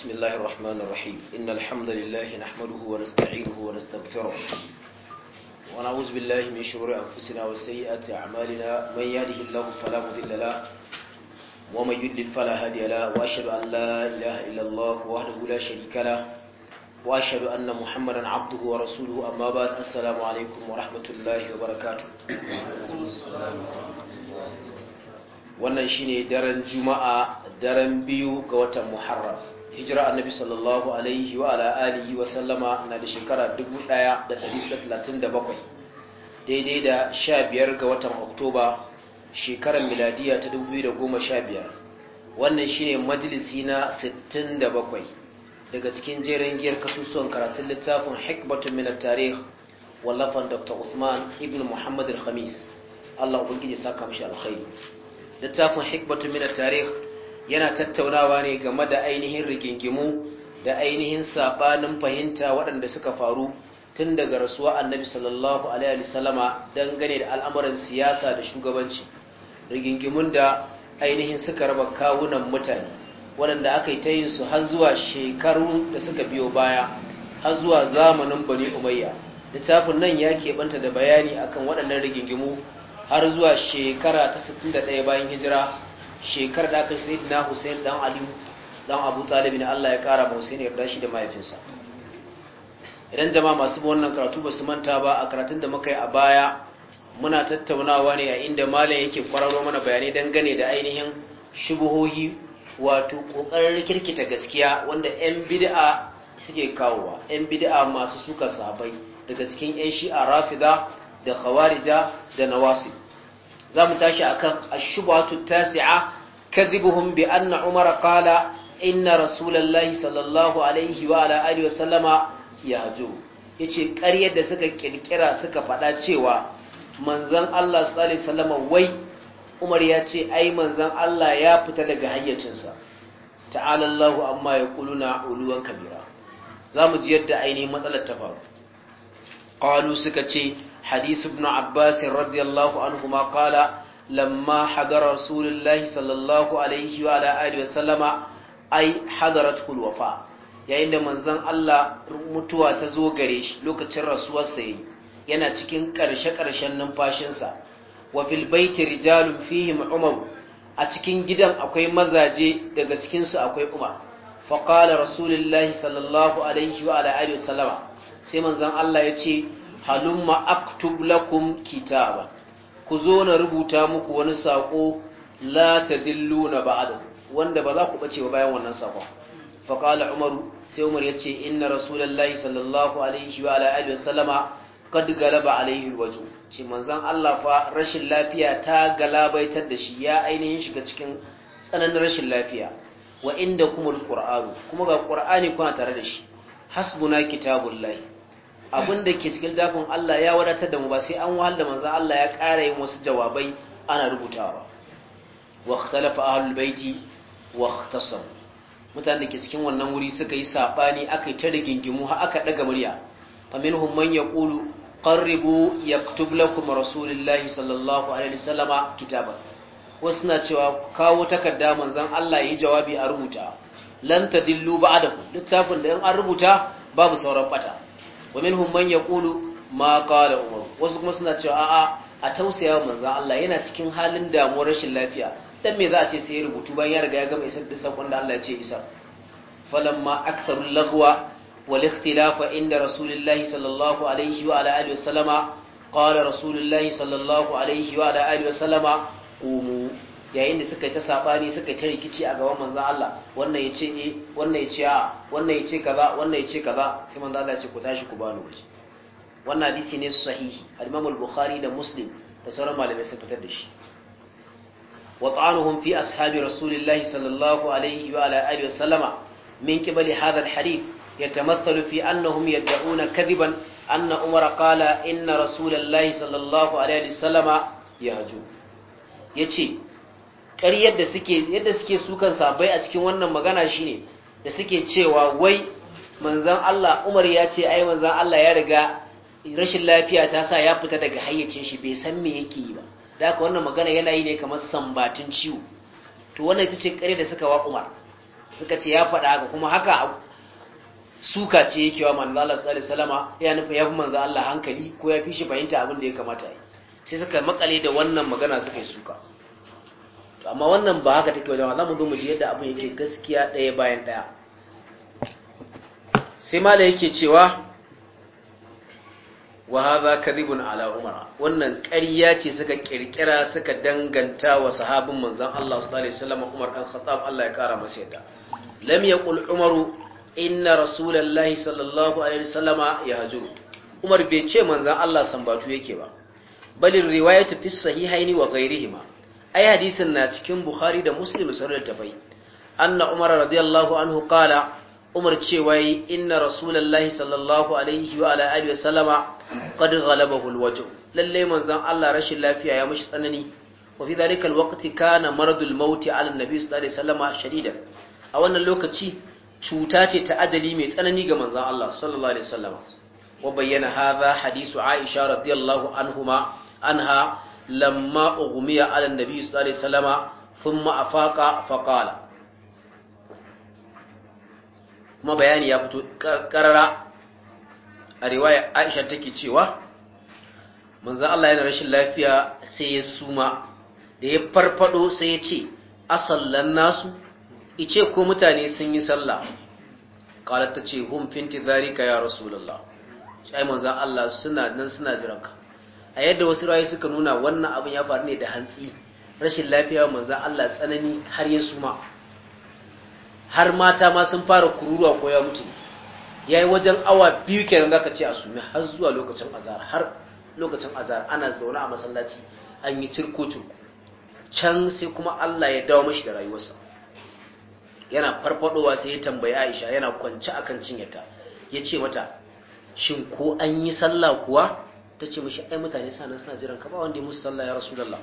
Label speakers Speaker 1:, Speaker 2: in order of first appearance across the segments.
Speaker 1: بسم الله الرحمن الرحيم إن الحمد لله نحمده ونستعينه ونستغفره ونعوذ بالله من شرور أنفسنا وسيئات أعمالنا من يهده الله فلا مضل له ومن يضلل فلا هادي له وأشهد أن لا إله إلا الله وحده لا شريك له وأشهد أن محمدا عبده ورسوله أما بعد السلام عليكم ورحمة الله وبركاته wannan shine daren juma'a daren biyu ga watan muharram hijira annabi sallallahu alaihi wa ala alihi wa sallama na da shekara 1137 daidai da 15 ga watan oktoba shekarar miladiya ta 2015 wannan shine majalisi na 67 daga cikin jerin giyar kasusuwan karatun littafin hikmatun minar tarih wallafan dr usman ibn Muhammadin al-khamis allah ubangiji saka mashi alkhairi littafin hikmatun minar tarih yana tattaunawa ne game da ainihin rigingimu da ainihin sabanin fahimta waɗanda suka faru tun daga rasuwa annabi sallallahu alaihi wasallama dangane da al'amuran siyasa da shugabanci rigingimun da ainihin suka raba kawunan mutane waɗanda aka yi ta yin su har zuwa shekarun da suka biyo baya har zuwa zamanin bani umayya littafin nan ya keɓanta da bayani akan waɗannan rigingimu har zuwa shekara ta 61 bayan hijira shekar da aka sai na Hussein dan Ali dan Abu Talib ne Allah ya kara ma Hussein yarda shi da mahaifinsa idan jama'a masu wannan karatu ba su manta ba a karatun da muka yi a baya muna tattaunawa ne a inda malam yake kwararo mana bayanai dangane da ainihin shubuhohi wato kokarin kirkita gaskiya wanda yan bid'a suke kawowa yan bid'a masu suka sabai daga cikin yan shi'a rafida da khawarija da nawasib za mu tashi kan ashubatu tasi'a kadhibuhum bi anna umar qala inna rasulullahi sallallahu alaihi wa ala alihi wa sallama Ya yace ƙaryar da suka ƙirƙira suka faɗa cewa manzan Allah su alaihi wasallama wai Umar ya ce ai manzon Allah ya fita daga hayyacinsa ta'ala Allahu amma kuluna uluwan kabira zamu ji yadda ainihin matsalar ta faru qalu suka ce حديث ابن عباس رضي الله عنهما قال لما حضر رسول الله صلى الله عليه وعلى آله وسلم أي حضرته الوفاة yayin da manzon Allah mutuwa ta zo gare shi lokacin rasuwarsa yayi yana cikin karshe-karshen numfashinsa wa fil baiti rijalun fihim umar a cikin gidan akwai mazaje daga cikin su akwai kuma fa qala rasulullahi sallallahu alaihi wa ala alihi sallama sai manzon Allah ya ce halumma aktub lakum kitaba ku zo na rubuta muku wani sako la tadilluna ba'da wanda ba za ku bace bayan wannan sakon fa qala umaru sai umar yace inna rasulullahi sallallahu alaihi wa alihi wasallama kad galaba alaihi alwaju ce manzon Allah fa rashin lafiya ta galabaitar da shi ya ainihin shiga cikin tsananin rashin lafiya wa inda kuma alqur'anu kuma ga qur'ani kuna tare da shi hasbuna kitabullahi abin da ke cikin littafin Allah ya wadatar da mu ba sai an wahal da manzan Allah ya kara yin wasu jawabai ana rubutawa wa ikhtalafa ahlul baiti wa ikhtasamu mutanen ke cikin wannan wuri suka yi saɓani, aka yi ta rigingimu har aka daga murya faminhum man ya ya yaktub lakum rasulullahi sallallahu alaihi wasallama kitabar. wasu na cewa kawo takarda manzan Allah yi jawabi a rubuta lan da in an rubuta babu sauran bata wa minhum man yaqulu ma qala umar wasu kuma suna cewa a'a a tausaya manzo Allah yana cikin halin damuwar rashin lafiya dan me za a ce sai ya rubutu bayan ya riga ya gama isar da sakon da Allah ya ce isa falamma aktharul lagwa wal ikhtilafa inda rasulillahi sallallahu alaihi wa ala alihi wasallama qala rasulillahi sallallahu alaihi wa ala alihi wasallama qumu yayin da suka yi ta sabani suka yi ta rikici a gaban manzon Allah wannan yace eh wannan yace a wannan yace kaza wannan ce kaza sai manzon Allah ya ce ku tashi ku bani waje wannan hadisi ne sahihi al-Imam al-Bukhari da Muslim da sauran malamai sun fitar da shi wa ta'anuhum fi ashabi rasulillahi sallallahu alaihi wa ala alihi wa sallama min qibali hadha al-hadith yatamathalu fi annahum yad'una kadiban anna umara qala inna rasulallahi sallallahu alaihi wa sallama yahju yace ƙaryar da suke yadda suke sukan sabai a cikin wannan magana shine da suke cewa wai manzon Allah Umar ya ce ai manzon Allah ya riga rashin lafiya ta sa ya fita daga hayyacin shi bai san me yake yi ba da haka wannan magana yana yi ne kamar sambatin ciwo to wannan ita ce ƙarya da suka wa Umar suka ce ya faɗa haka kuma haka suka ce yake wa manzo Allah sallallahu alaihi wasallama ya nufa ya fi manzo Allah hankali ko ya fi shi fahimta abin da ya kamata sai suka makale da wannan magana suka yi suka to amma wannan ba haka take wajen za mu zo mu ji yadda abin yake gaskiya ɗaya bayan ɗaya sai mala yake cewa wa hadha kadhibun ala umar wannan ƙarya ce suka kirkira suka danganta wa sahabin manzon Allah sallallahu alaihi wasallam Umar dan Khattab Allah ya kara masa yadda lam yaqul Umar inna rasulullahi sallallahu alaihi wasallama yahjur Umar bai ce manzon Allah san batu yake ba balin riwayatu fi sahihaini wa ghairihima ai hadisin na cikin bukhari da muslim sun littafai anna umar radiyallahu anhu qala umar cewa inna rasulullahi sallallahu alaihi wa ala alihi wasallama qad ghalabahu alwajh lalle manzon Allah rashin lafiya ya mushi tsanani wa fi dhalika alwaqti kana maradul maut ala annabi sallallahu alaihi wasallama shadidan a wannan lokaci cuta ce ta ajali mai tsanani ga manzon Allah sallallahu alaihi wasallama wa bayyana hadha hadisu aisha radiyallahu anhuma anha lamma ughmiya ala nabi sallallahu alaihi wasallama thumma afaqa faqala kuma bayani ya fito karara a riwaya Aisha take cewa manzo Allah yana rashin lafiya sai ya suma da ya farfado sai ya ce asallan nasu ice ko mutane sun yi sallah qalat ta ce hum fi intizarika ya rasulullah sai manzo Allah suna nan suna jiranka a yadda wasu rayu suka nuna wannan abin ya faru ne da hantsi rashin lafiya manzan Allah tsanani har ya suma har mata ma sun fara kururuwa ko ya mutu ya yi wajen awa biyu kenan za ka ce a sumi har zuwa lokacin azara, har lokacin azara, ana zaune a masallaci an yi cirko-cirko can sai kuma Allah ya dawo mashi da rayuwarsa yana farfadowa sai ya tambayi Aisha yana kwance akan cinyata ya ce mata shin ko an yi sallah kuwa ta ce mashi ai mutane sanan suna jiran ka ba wanda ya musu sallah ya rasulullah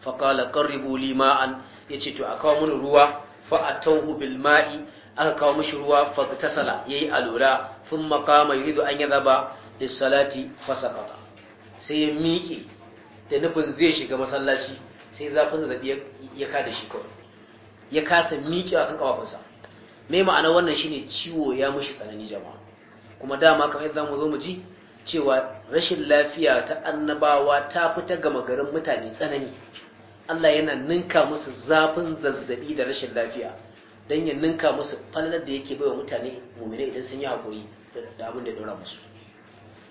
Speaker 1: fa qala qarribu lima'an ma'an ce to a kawo mini ruwa fa atawhu bil ma'i aka kawo mashi ruwa fa ya yayi alura sun qama yuridu an yi zaba da salati fasaqata sai ya miƙe da nufin zai shiga masallaci sai zafin zaɓi ya kada shi kawai ya kasa miƙewa kan ƙafafunsa. mai ma'ana wannan shine ciwo ya mushi tsanani jama'a kuma dama kamar yadda mu zo mu ji cewa rashin lafiya ta annabawa ta fita gama garin mutane tsanani Allah yana ninka musu zafin zazzabi da rashin lafiya don ya ninka musu fallar da yake baiwa mutane mummina idan sun yi haƙuri da abin da ya ɗora musu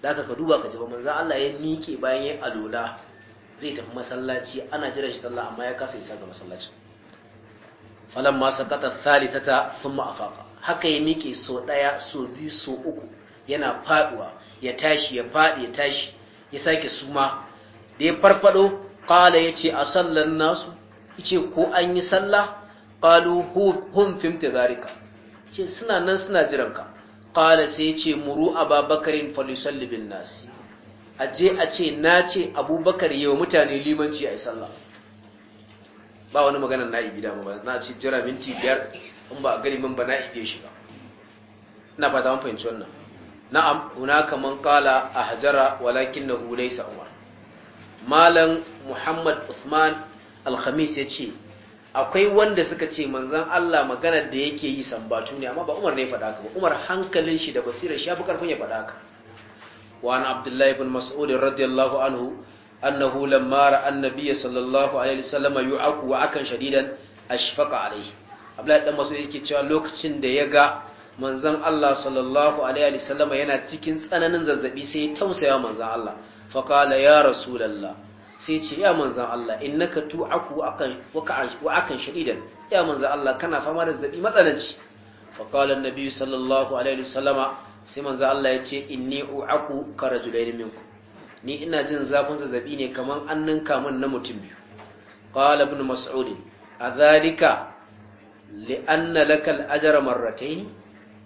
Speaker 1: da ka duba ka ji ba manzan Allah ya miƙe bayan ya alola zai tafi masallaci ana jira shi sallah amma ya kasa isa ga masallacin falan ma sakata thalithata thumma afaqa haka ya miƙe so ɗaya so biyu so uku yana faɗuwa. ya tashi ya faɗi ya tashi ya sake suma da ya farfado ya ce a sallar nasu ce ko an yi sallah qalu hum fi zarika ce suna nan suna jiranka qala sai ya ce muru ababakarin falyusalli bin nas aje a ce na ce abubakar yau mutane limanci a yi sallah ba wani maganar na'ibi dama ba na ce jira minti biyar in ba a min ba na'ibi ya shiga na fata mafahimci fahimci wannan na'am hunaka man qala ahjara walakinahu laysa umar malam muhammad usman al-khamis yace akwai wanda suka ce manzon Allah maganar da yake yi sambatu ne amma ba umar ne faɗa ka ba umar hankalin shi da basirar shi ya fi karfin ya faɗa ka wa an abdullahi ibn mas'ud radiyallahu anhu annahu lamma ra'a annabiy sallallahu alaihi wasallam yu'aku wa akan shadidan ashfaqa alaihi abdullahi dan mas'ud yake cewa lokacin da ya ga Manzan Allah sallallahu alaihi wasallama yana cikin tsananin zazzabi sai ya tausaya manzan Allah fa qala ya rasulullah sai ce ya manzan Allah innaka tu'aku akan wa akan shadidan ya manzan Allah kana fama da zazzabi matsananci fa qala annabi sallallahu alaihi wasallama sai manzan Allah ya ce inni u'aku karajulain minku ni ina jin zafin zazzabi ne kaman an ninka min na mutum biyu qala ibn mas'ud zalika li'anna lakal ajra marratayn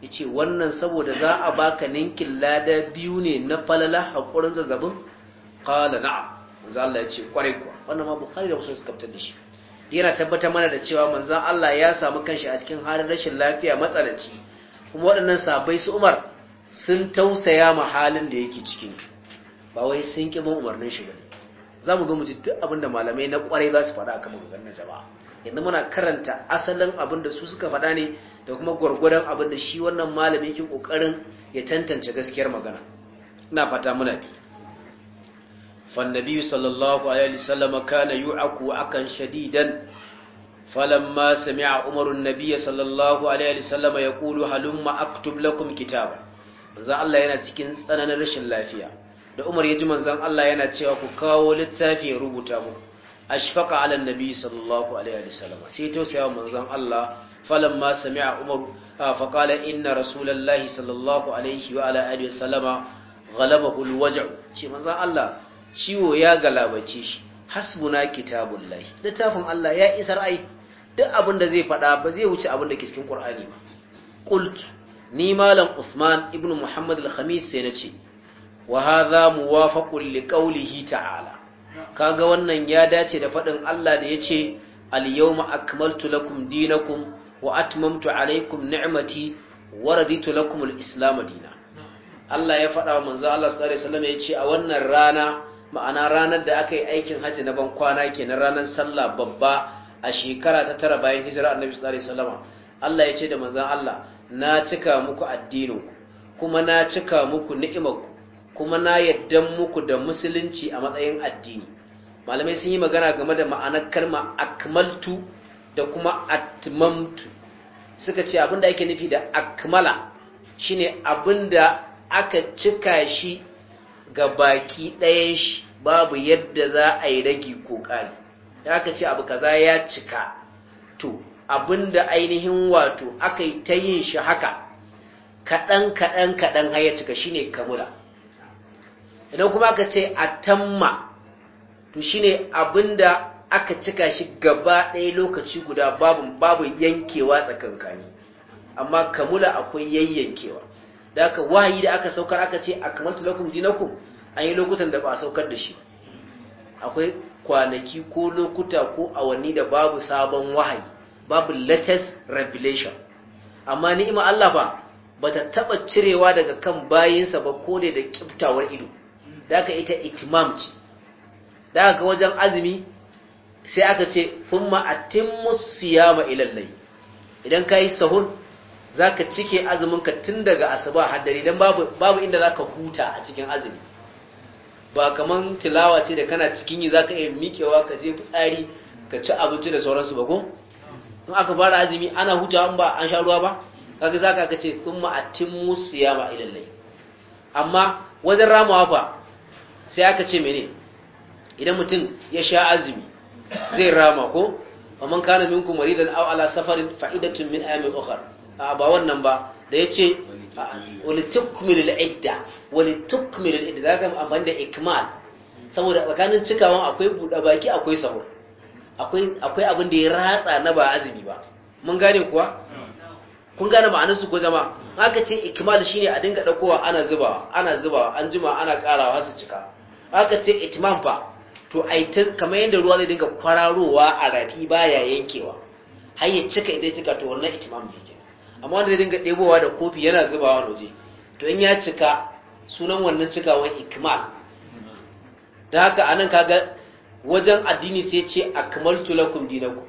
Speaker 1: yace wannan saboda za a baka ninkin lada biyu ne na falala haƙurin zazzabin ƙala na'am manzan Allah ya ce kwarai kuwa wannan ma bukhari da wasu suka fitar da shi yana tabbatar mana da cewa manzan Allah ya samu kanshi a cikin halin rashin lafiya matsalaci. kuma waɗannan sabai su umar sun tausaya ma halin da yake cikin ba wai sun ƙi umarnin shi ba. za mu zo mu ji duk abin da malamai na kwarai za su faɗa akan maganganun jama'a yanzu muna karanta asalin abin da su suka faɗa ne da kuma gwargwadon abin da shi wannan malamin yake kokarin ya tantance gaskiyar magana ina fata muna bi فالنبي صلى الله عليه akan كان falon ma شديدا فلما سمع عمر النبي صلى الله ya وسلم يقول ma اكتب Lakum kitaba, Allah yana cikin tsananin rashin lafiya da Umar ya ji manzon Allah yana cewa ku kawo littafi ya rubuta muku ashfaqa ala nabi sallallahu alaihi wasallam sai tausaya manzon Allah falamma sami'a umar ah, fa qala inna rasulallahi sallallahu alaihi wa ala alihi wasallama ghalabahu alwaj'u manzon Allah ciwo ya galabace shi hasbuna kitabullahi littafin Allah ya isar ai duk abin da zai faɗa ba zai wuce abin da ke cikin Qur'ani ba qult ni malam Usman ibn Muhammad al-Khamis sai nace wa hadha muwafaqun liqawlihi ta'ala kaga wannan ya dace da faɗin Allah da ya ce al-yawma akmaltu lakum dinakum wa atmamtu alaykum ni'mati wa raditu lakum al-islam dina Allah ya faɗa wa manzo Allah sallallahu alaihi wasallam ya ce a wannan rana ma'ana ranar da aka yi aikin hajji na ban kwana kenan ranar sallah babba a shekara ta tara bayan hijira annabi sallallahu alaihi wasallam Allah ya ce da manzon Allah na cika muku addinin ku kuma na cika muku ni'imar kuma na yadda muku da musulunci a matsayin addini malamai sun yi magana game da ma'anar kalma akmaltu da kuma atmamtu suka ce abinda ake nufi da akmala shine abinda aka cika shi ga baki ɗayan shi babu yadda za a yi ragi ko ƙari da aka ce abu kaza ya cika to abinda ainihin wato aka yi ta yin shi haka kaɗan kaɗan kaɗan har ya cika shine kamula idan kuma aka ce a tamma to shine abinda aka cika shi gaba ɗaya lokaci guda babu babu yankewa tsakankani amma kamula akwai yayyankewa da aka wahayi da aka saukar aka ce a kamar tulakun dinakum an yi lokutan da ba a saukar da shi akwai kwanaki ko lokuta ko awanni da babu sabon wahayi babu latest revelation amma ni'ima Allah ba ta taɓa cirewa daga kan bayinsa ba ko da ƙiftawar ido da aka ita itimam ce da wajen azumi sai aka ce thumma atimmu siyama ila layl idan kai sahur zaka cike azumin ka tun daga asuba har dare dan babu babu inda zaka huta a cikin azumi ba kamar tilawa ce da kana cikin yi zaka iya miƙewa ka je fitsari ka ci abinci da sauransu ba ko in aka fara azumi ana hutawa an ba an sha ruwa ba kaga zaka ka ce thumma atimmu siyama ila layl amma wajen ramawa fa sai aka ce mene idan mutum ya sha azumi zai rama ko man kana minkum maridan aw ala safarin fa'idatun min ayamin ukhar a ba wannan ba da yace walitukmil al-idda walitukmil al-idda zaka amfani da ikmal saboda tsakanin cikawan akwai buɗa baki akwai sahur akwai akwai abin da ya ratsa na ba azumi ba mun gane kuwa kun gane ma'anar su ko jama'a haka ce ikmal shine a dinga daukowa ana zubawa ana zubawa an jima ana karawa su cika aka ce itman fa to ai kamar yadda ruwa zai dinga kwararowa a rafi baya yankewa har ya cika idan cika to wannan itman ne ke. amma wanda zai dinga ɗebowa da kofi yana zubawa waje to in ya cika sunan wannan cikawan ikmal da haka anan kaga wajen addini sai ce akmaltu lakum dinaku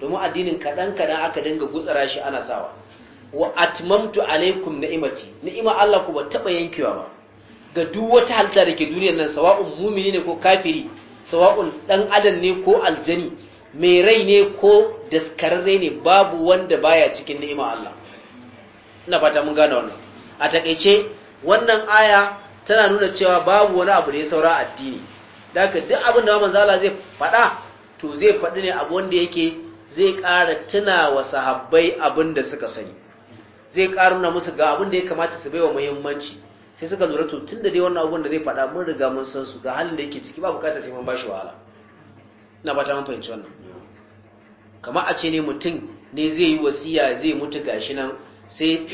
Speaker 1: domin addinin kaɗan-kaɗan aka dinga gutsara shi ana sawa wa atmamtu alaikum na'imati. ni'ima Allah ku ba taba yankewa ba ga duk wata halitta da ke duniyar nan sawa'un mumini ne ko kafiri sawa'un dan adam ne ko aljani mai rai ne ko daskararre ne babu wanda baya cikin ni'ima Allah ina fata mun gane wannan a takeice wannan aya tana nuna cewa babu wani abu da ya saura addini daga duk abin da manzo Allah zai faɗa to zai faɗi ne abu wanda yake zai ƙara tuna wa sahabbai abin da suka sani zai ƙara nuna musu ga abin da ya kamata su bai wa muhimmanci sai suka lura to tunda dai wannan abun da zai faɗa mun riga mun san su ga halin da yake ciki ba bukatar sai mun ba shi wahala ina ba ta mun fahimci wannan kamar a ce ne mutum ne zai yi wasiya zai mutu gashi nan sai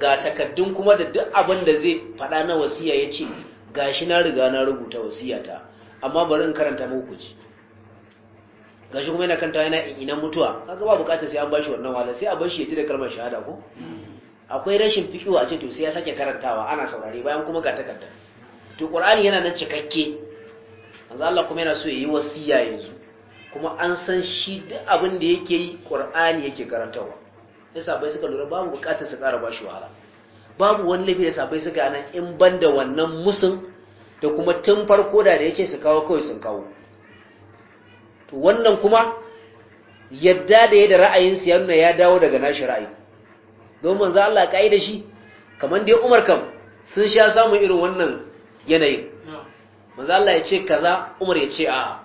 Speaker 1: ga takaddun kuma da duk abin da zai faɗa na wasiya ya ce gashi na riga na rubuta wasiyata amma bari in karanta muku ji gashi kuma yana kanta yana ina mutuwa kaga ba bukatar sai an ba shi wannan wahala sai a bar shi ya ji kalmar shahada ko akwai rashin fiqhu a ce to sai ya sake karantawa ana saurare bayan kuma ga takarda to qur'ani yana nan cikakke manzo Allah kuma yana so yayi wasiya yanzu kuma an san shi duk abin da yake yi qur'ani yake karantawa sai sabai suka lura babu bukatar su ƙara bashi wahala babu wani lafi da sabai suka ana in banda wannan musun da kuma tun farko da da su kawo kawai sun kawo to wannan kuma yadda da yadda ra'ayinsu ya nuna ya dawo daga nashi ra'ayi don manzo Allah kai da shi kamar dai Umar kam sun sha samun irin wannan yanayin manzo Allah ya ce kaza Umar ya ce a'a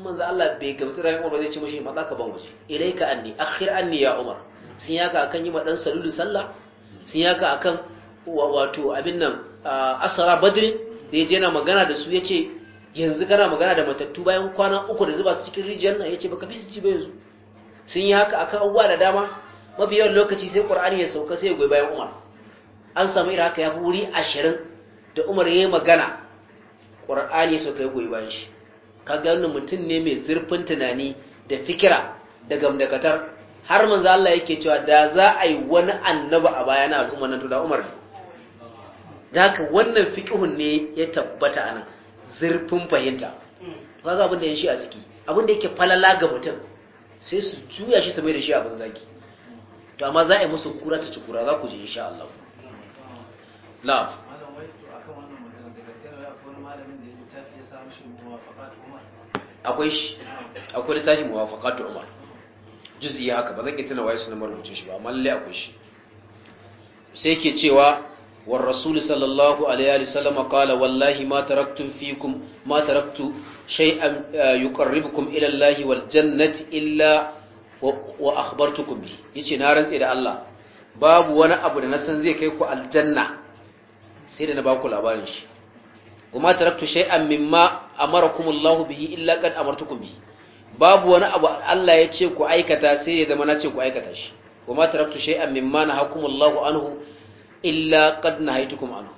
Speaker 1: manzo Allah bai gamsu rayuwar Umar zai ce mishi maza ka ban waje ilaika anni akhir anni ya Umar sun yaka akan yi madan salulu sallah sun yaka akan wato abin nan asara badri da yaje yana magana da su yace yanzu kana magana da matattu bayan kwana uku da zuba su cikin rijiyar nan yace baka bi su ci ba yanzu sun yi haka akan abubuwa da dama mafi yawan lokaci sai ƙur'ani ya sauka sai ya goyi bayan umar an samu ira haka ya fi wuri ashirin da umar ya yi magana ƙur'ani ya sauka ya goyi bayan shi ka gani mutum ne mai zurfin tunani da fikira da gamdakatar har manzo Allah yake cewa da za a yi wani annabi a baya na al'umma nan da umar da haka wannan fiqhun ne ya tabbata ana zurfin fahimta ga abin da yin shi a ciki abin da yake falala ga mutum sai su juya shi su da shi abin zaki to amma za a yi musu kura ta ci za ku ji insha Allah na'am akwai shi akwai littafin muwafaqatu umar juz'i haka ba zan yi tana waye sunan marubucin shi ba amma lalle akwai shi sai yake cewa war rasul sallallahu alaihi wa sallam qala wallahi ma taraktu fikum ma taraktu shay'an eh, yuqarribukum ila allahi wal jannati illa wa akhbartukum bi yace na rantse da Allah babu wani abu da na san zai kai ku aljanna sai da na baku labarin shi kuma taraktu shay'an mimma amarakum Allah bihi illa qad amartukum bi babu wani abu Allah ya ce ku aikata sai ya zama na ce ku aikata shi kuma taraktu shay'an mimma nahakum Allah anhu illa qad nahaytukum anhu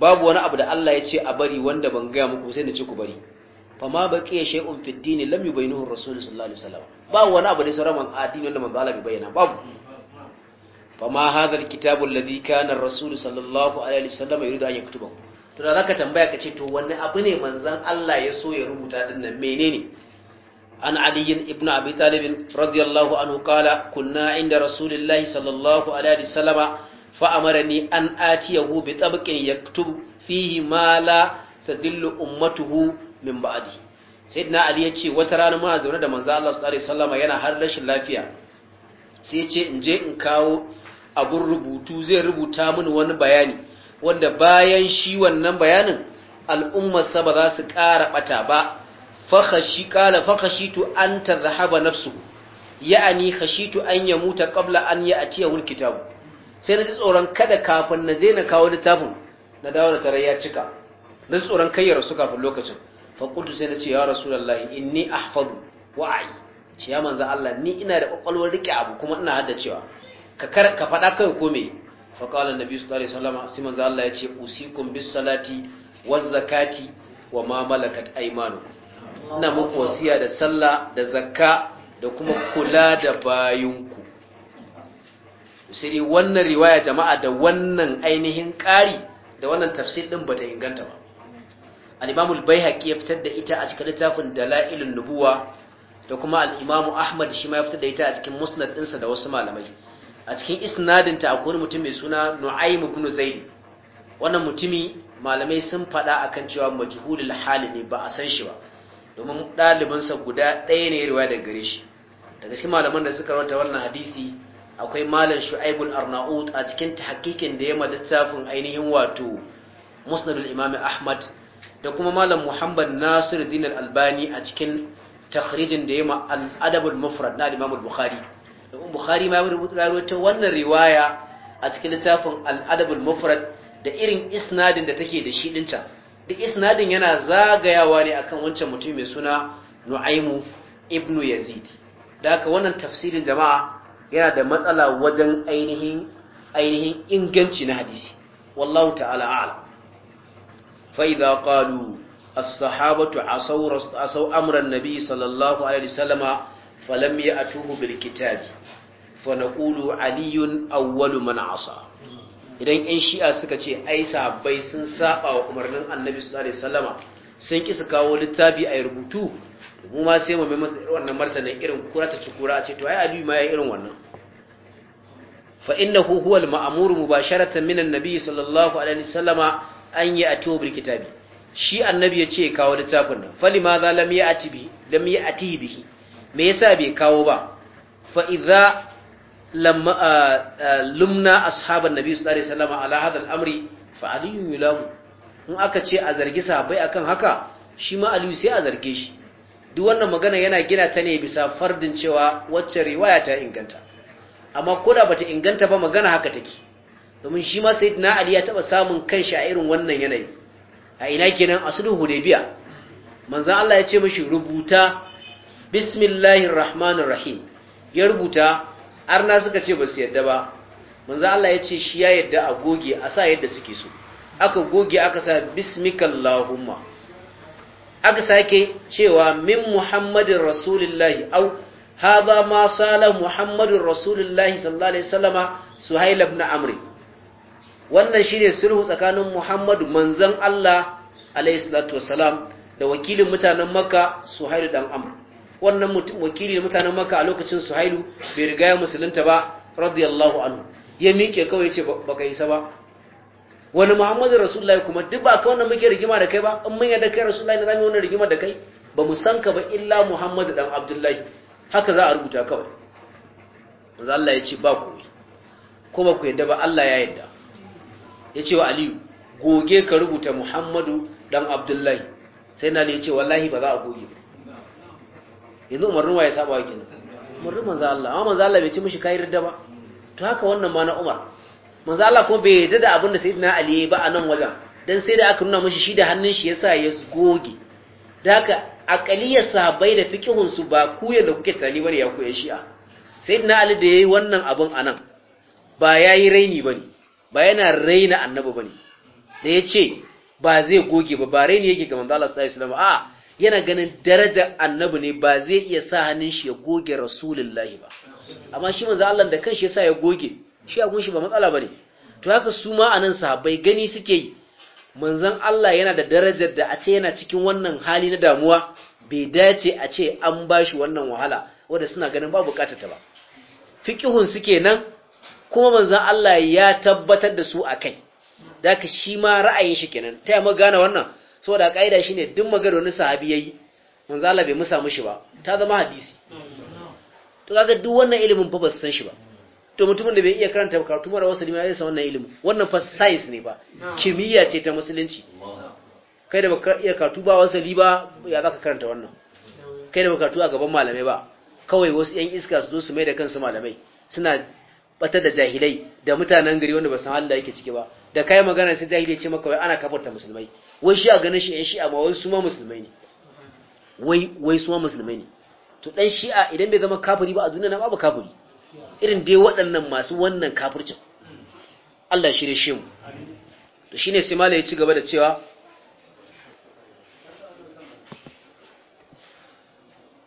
Speaker 1: babu wani abu da Allah ya ce a bari wanda ban ga muku sai na ce ku bari fa ma baqiya shay'un fi ad-din lam yubayyinuhu ar-rasul sallallahu alaihi wasallam ba wani abu da sauran man addini wanda manzo Allah bai bayyana babu fa ma hadha al-kitab alladhi kana ar-rasul sallallahu alaihi wasallam yuridu an yaktuba to da zaka tambaya kace to wani abu ne manzon Allah ya so ya rubuta din nan menene an ali ibn abi talib radiyallahu anhu qala kunna inda rasulillahi sallallahu alaihi wasallam fa amarani an atiyahu bi tabqin yaktubu fihi ma la tadillu ummatuhu min ba'di sayyidina ali ya ce wata rana muna zaune da manzo Allah sallallahu alaihi yana har rashin lafiya sai ya ce in je in kawo abun rubutu zai rubuta mini wani bayani wanda bayan shi wannan bayanin al'ummarsa ba za su ƙara bata ba fahashi ƙala fahashitu an ta zahaba nafsu ya'ani hashitu an ya muta ƙabla an ya atiya kitabu sai na ji tsoron kada kafin na je na kawo littafin na dawo da tarayya cika na ji tsoron kai ya kafin lokacin faƙutu sai na ce ya rasu rasulallahi in ni ahfadu wa'ayi ce ya manza Allah ni ina da ƙwaƙwalwar riƙe abu kuma ina haddacewa ka faɗa kai ko me faƙalar nabi su ɗari salama sai manza Allah ya ce usikun bis salati wa zakati wa ma malakat aimanu ina muku wasiya da sallah da zakka da kuma kula da bayanku. sai wannan riwaya jama'a da wannan ainihin ƙari da wannan tafsir ɗin bata inganta ba al-Imam al ya fitar da ita a cikin littafin Dalailun Nubuwa da kuma al Ahmad shi ma ya fitar da ita a cikin Musnad ɗinsa da wasu malamai a cikin isnadinta ta akwai mutum mai suna Nu'aym ibn Zaid wannan mutumi malamai sun faɗa akan cewa majhulul hali ne ba a san shi ba domin ɗalibinsa guda ɗaya ne riwaya daga gare shi daga cikin malaman da suka rawata wannan hadisi akwai malam shu'aibul arnaut a cikin tahqiqin da ya ma littafin ainihin wato musnadul imam ahmad da kuma malam muhammad nasir din albani a cikin takhrijin da ya ma al'adabul mufrad na imam bukhari domin bukhari ma ya rubuta wannan riwaya a cikin littafin al'adabul mufrad da irin isnadin da take da shi dinta duk isnadin yana zagayawa ne akan wancan mutum mai suna nu'aimu ibnu yazid da haka wannan tafsirin jama'a yana da matsala wajen ainihin ainihin inganci na hadisi wallahu ta'ala a'lam فإذا قالوا الصحابة عصوا, عصوا أمر النبي صلى الله عليه وسلم فلم يأتوه بالكتاب فنقول علي أول من عصى idan ƴan shi'a suka ce ai sahabbai sun saba wa umarnin annabi su da salama sun ƙi su kawo littafi a rubutu mu ma sai mu mai masa wannan martanin irin kura ta ci a ce to ai aliyu ma ya irin wannan fa innahu huwa al-ma'mur mubasharatan min annabi sallallahu alaihi wasallama an yi a bil kitabi shi annabi ya ce kawo littafin nan fali ma za lam ya a lam bihi me yasa bai kawo ba fa uh, uh, lumna ashaban nabi sallallahu alaihi wasallam ala amri fa aliyun yulamu in aka ce a zargi sahabbai akan haka shi ma aliyu sai a zarge shi duk wannan magana yana gina ta ne bisa fardin cewa wacce riwaya ta inganta amma koda bata inganta ba magana haka take domin shi ma sayyidina ali ya taba samun kanshi a irin wannan yanayi a ina kenan a sulhu hudaybiya manzon Allah ya ce mishi rubuta bismillahir rahmanir rahim ya rubuta arna suka ce ba su yadda ba manzon Allah ya ce shi ya yadda a goge a sa yadda suke so aka goge aka sa bismikallahumma aka sake cewa min muhammadin rasulillahi au haba ma sala muhammadin rasulillahi sallallahu alaihi wasallama suhaila ibn amri wannan shi ne sulhu tsakanin Muhammadu manzan Allah alayhi da wakilin mutanen Makka Suhailu dan amur wannan mutum wakilin mutanen Makka a lokacin Suhailu bai riga ya musulunta ba radiyallahu anhu ya miƙe kawai ba baka isa ba wani Muhammadu Rasulullahi kuma duk ba ka wannan muke rigima da kai ba in mun da kai Rasulullahi na zamu wannan rigima da kai ba mu san ka ba illa Muhammadu dan Abdullahi haka za a rubuta kawai manzo Allah ya ce ba ku ko ba ku yarda ba Allah ya yarda ya ce wa aliyu goge ka rubuta muhammadu dan abdullahi sai na ya ce wallahi ba za a goge yanzu umarnin ya saba wa kina umarnin manza Allah amma manza Allah bai ci mishi kayar da ba to haka wannan ma na Umar manza Allah kuma bai yarda da abin da na Ali yayi ba a nan wajen dan sai da aka nuna mishi shi da hannun shi yasa ya goge da haka aqaliyar sahabbai da fikihun su ba ku da kuke tunani bane ya koyi shi'a sayyidina Ali da yayi wannan abin anan ba yayi raini bane ba yana raina annabi bane da yace ce ba zai goge ba ba raini yake ga manzo Allah sallallahu a yana ganin daraja annabi ne ba zai iya sa hannun shi ya goge rasulullahi ba amma shi manzo Allah da kanshi yasa ya goge shi a gunshi ba matsala bane to haka su ma anan sahabbai gani suke yi manzon Allah yana da darajar da a ce yana cikin wannan hali na damuwa bai dace a ce an bashi wannan wahala wanda suna ganin ba bukata ta ba fikihun suke nan kuma manzan Allah ya tabbatar da su a kai da ka shi ma ra'ayin shi kenan ta yi gane wannan da ƙa'ida shi ne duk magana wani sahabi ya yi manzan Allah bai musa mushi ba ta zama hadisi to kaga duk wannan ilimin fa ba su san shi ba to mutumin da bai iya karanta karatu mara wasu limar yasa wannan ilimin wannan fa science ne ba kimiyya ce ta musulunci kai da baka iya karatu ba wasu ba, ya za ka karanta wannan kai da baka karatu a gaban malamai ba kawai wasu yan iska su zo su mai da kansu malamai suna bata da jahilai da mutanen gari wanda ba san halin da yake ciki ba da kai magana sai jahili ce maka wai ana kafarta musulmai wai shi a ganin shi shi a ma wai su ma musulmai ne wai wai su ma musulmai ne to shi a idan bai zama kafiri ba a duniya na babu kafiri irin dai waɗannan masu wannan kafircin Allah shi ne shi mu to shine sai malai ya ci gaba da cewa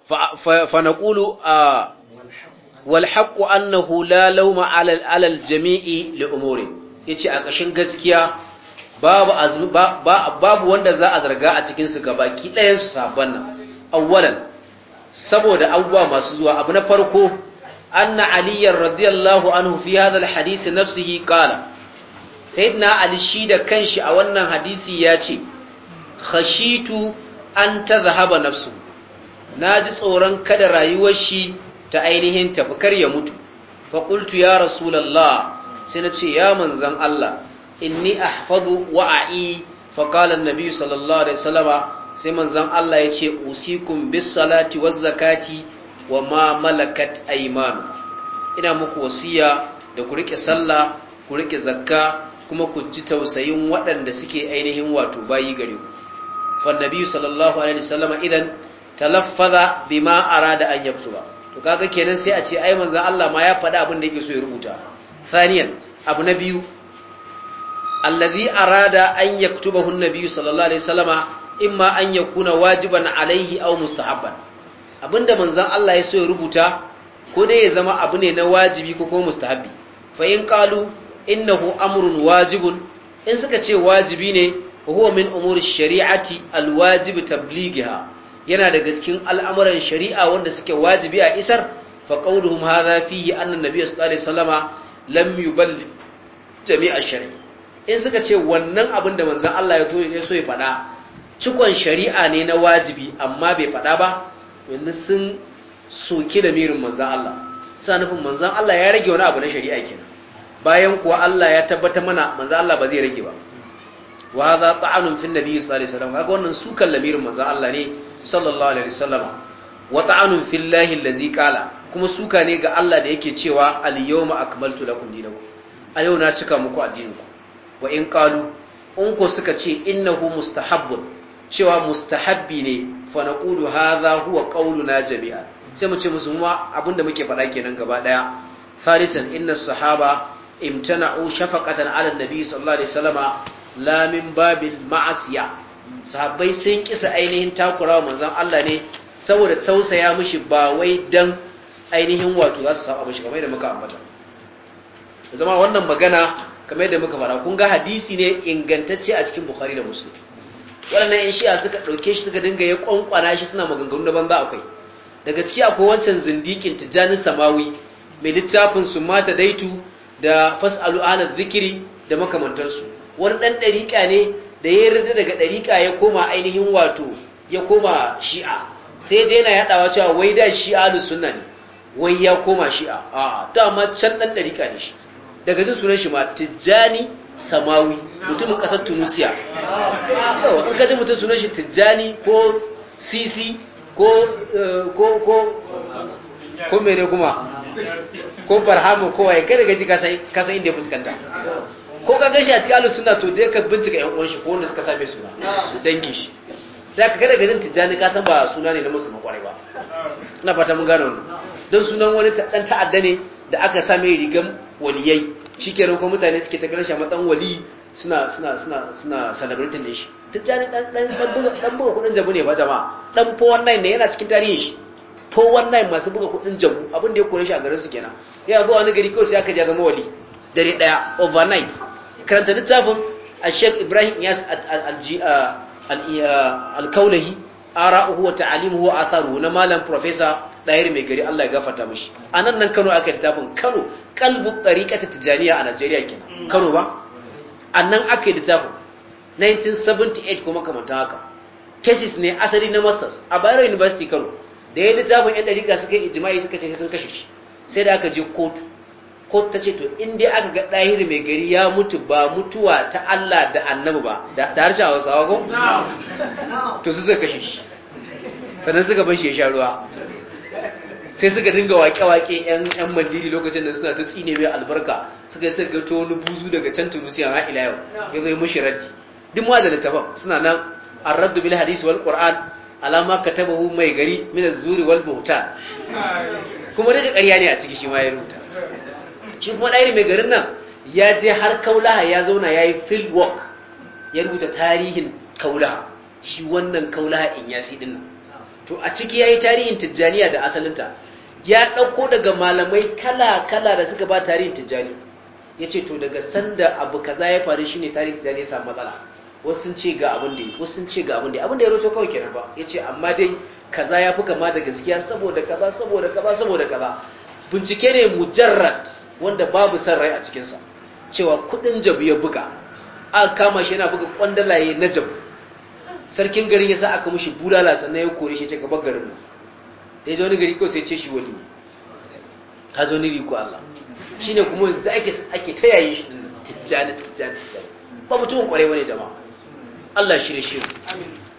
Speaker 1: fa fa naqulu a wal haqqu annahu la lauma alal jami'i li umuri yace a kashin gaskiya babu wanda za a zarga a cikin su gabaki ɗayan su sabon nan awwalan saboda abubuwa masu zuwa abu na farko anna aliyyar radiyallahu anhu fi hadha alhadith nafsihi qala sayyidina ali shi da kanshi a wannan hadisi ya ce khashitu an tazhaba nafsu naji tsoron kada rayuwar shi ta ainihin tafi kar ya mutu faƙultu ya rasulullah sai na ce ya manzan Allah inni ahfadu wa'i fa qala nabi sallallahu alaihi salama sai manzan Allah ya ce usikum bis salati waz zakati wa ma malakat aymanu ina muku wasiya da ku rike sallah ku rike zakka kuma ku ji tausayin waɗanda suke ainihin wato bayi gare ku fa annabi sallallahu alaihi wasallama idan talaffaza bima arada an yaktuba to kaga kenan sai a ce ai manzon Allah ma ya faɗi abin da yake so ya rubuta thaniyan abu na biyu allazi arada an yaktubahu an sallallahu alaihi wasallama imma an yakuna wajiban alaihi aw mustahabban abinda manzon Allah ya so ya rubuta ko dai ya zama abu ne na wajibi ko kuma mustahabbi fa in qalu innahu amrun wajibun in suka ce wajibi ne huwa min umuri shari'ati alwajib tablighiha yana daga cikin al'amuran shari'a wanda suke wajibi a isar fa qauluhum hadha fihi anna nabiyyu sallallahu alaihi wasallama lam yuballi jami'a shari'a in suka ce wannan abin da manzon Allah ya ya so ya faɗa cikon shari'a ne na wajibi amma bai faɗa ba wanda sun soki da mirin manzon Allah sa nufin manzon Allah ya rage wani abu na shari'a kenan bayan kuwa Allah ya tabbata mana manzon Allah ba zai rage ba wa hadha ta'anun fi nabi sallallahu alaihi wasallam kaga wannan sukan lamirin manzon Allah ne sallallahu alaihi wasallam wa ta'anun fillahi allazi qala kuma suka ne ga Allah da yake cewa al-yawma akmaltu lakum dinakum a yau na cika muku addininku wa in qalu in ko suka ce innahu mustahabbun cewa mustahabbi ne fa naqulu hadha huwa qawluna jami'a sai mu ce musu ma abinda muke faɗa kenan gaba daya farisan inna sahaba imtana'u shafaqatan ala nabi sallallahu alaihi wasallama la min babil ma'asiya sahabbai sun kisa ainihin takurawa manzan Allah ne saboda tausaya mushi ba wai dan ainihin wato za su saba mishi kamar yadda muka ambata zama wannan magana kamar yadda muka fara Kunga hadisi ne ingantacce a cikin Bukhari da Muslim waɗannan yan shi'a suka ɗauke shi suka dinga ya ƙwanƙwana shi suna maganganu da banza akwai daga ciki akwai wancan zindikin tijjanin samawi mai littafin su mata daitu da fasalu ala zikiri da makamantarsu wani ɗan ɗariƙa ne da ya yarda daga ɗariƙa ya koma ainihin wato ya koma shi'a sai je yana yaɗawa cewa wai da shi'a da sunna ne wai ya koma shi'a a ta amma can ɗan ɗariƙa ne shi daga jin sunan shi ma tijjani samawi mutumin ƙasar tunisiya in kaji mutum sunan shi tijjani ko sisi ko eh, ko ko ko mene kuma ko farhamu kowa ya daga gaji kasa inda ya fuskanta ko ka gashi a cikin alu suna to dai ka bincika yan uwan shi ko wanda suka same suna dangin shi da ka kada garin tijjani ka san ba suna ne na musulmi kwarai ba ina fata mun gane wannan don sunan wani dan ta'adda ne da aka same rigan waliyai shikenan ko mutane suke ta shi ma dan wali suna suna suna suna celebrating ne shi tijjani dan dan dan buga kudin jabu ne ba jama'a dan 419 ne yana cikin tarihin shi 419 masu buga kudin jabu abin da ya kore shi a garin su kenan ya zo wani gari kawai sai aka ja zama wali dare daya overnight karanta littafin Sheikh Ibrahim yas al-Kaulahi ara'uhu wa ta'alimuhu wa atharuhu na malam professor Dair mai gari Allah ya gafarta mishi anan nan Kano aka littafin Kano kalbu tariqati tijaniya a Najeriya kenan Kano ba anan aka littafin 1978 kuma kamar ta haka thesis ne asali na masters a Bayero University Kano da ya littafin yan dariƙa suka yi ijma'i suka ce sai sun kashe shi sai da aka je kotu ko ta ce to in dai aka ga ɗahiri mai gari ya mutu ba mutuwa ta Allah da annabi ba da harshen hausawa ko? to su suka kashe shi sannan suka bashi ya sha ruwa sai suka dinga wake-wake 'yan mandiri lokacin da suna ta tsine mai albarka suka yi suka gato wani buzu daga can tunisiya na ila yau ya zai mushi raddi duk ma da littafan suna nan an raddu bil hadisi wal qur'an alama katabahu mai gari min zuri wal kuma daga ƙarya ne a ciki shi ma ya rubuta shi kuma ɗaya mai garin nan ya je har kaulaha ya zauna ya yi field work ya rubuta tarihin kaulaha shi wannan kaulaha in ya si dinnan to a ciki ya yi tarihin tijjaniya da asalinta ya ɗauko daga malamai kala-kala da suka ba tarihin tijjani ya ce to daga sanda abu kaza ya faru shi ne tarihin tijjani ya samu matsala wasu sun ce ga abin da ya wasu sun ce ga abin da ya abin da ya roto kawai kenan ba ya ce amma dai kaza ya fi kama da gaskiya saboda kaza saboda kaza saboda kaza bincike ne mujarrad wanda babu san rai a cikinsa cewa kudin jabu ya buga a kama shi yana buga kwandalaye na jabu sarkin garin ya sa aka mushi bulala sannan ya kore shi ce gaba garin mu da ya zo wani gari ko sai ce shi wani ne ka zo ni riko Allah shi ne kuma da ake ake ta yayi shi tijjani tijjani tijjani ba mutumin kwarai wani jama'a Allah shi da shi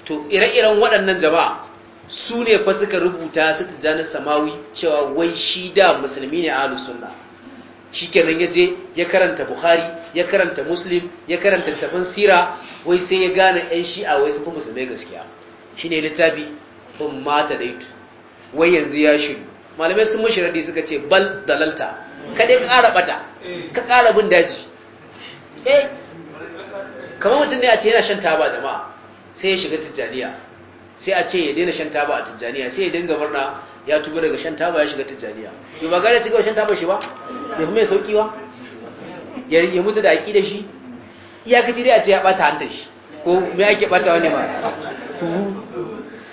Speaker 1: to ire-iren waɗannan jama'a su ne fa suka rubuta su tijjanar samawi cewa wai shi da musulmi ne a sunna shikenan ya je ya karanta bukhari ya karanta muslim ya karanta tafin sira wai sai ya gane yan shi'a wai sun fi musulmai gaskiya ne littafi fun mata daitu wai yanzu ya shiru malamai sun mashi radi suka ce bal dalalta ka dai ƙara bata ka ƙara bin daji eh kamar mutum ne a ce yana shan taba jama'a sai ya shiga tijjaniya sai a ce ya daina shan taba a tijjaniya sai ya dinga murna ya tuba daga shan taba ya shiga tijjaniya to ba gare cigaba shan taba shi ba ya fi mai sauki ba ya mutu da aƙi da shi iyakaci dai a ce ya ɓata hanta shi ko me ake ɓata wani ba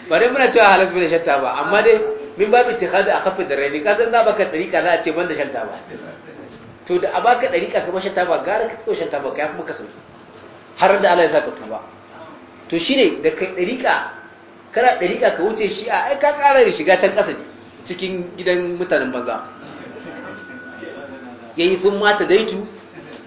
Speaker 1: ba dai muna cewa halas bai da shan taba amma dai min babu ittihadi a kafin da rani ka san na baka dariƙa za a ce ban da shan taba to da a baka dariƙa ka ba shan taba gara ka cigaba shan taba ka ya kuma ka sauki har da Allah ya saka tuba to shine da kai dariƙa kana ɗariƙa ka wuce shi a aika ƙara da shiga can ƙasa cikin gidan mutanen banza ya yi sun mata daitu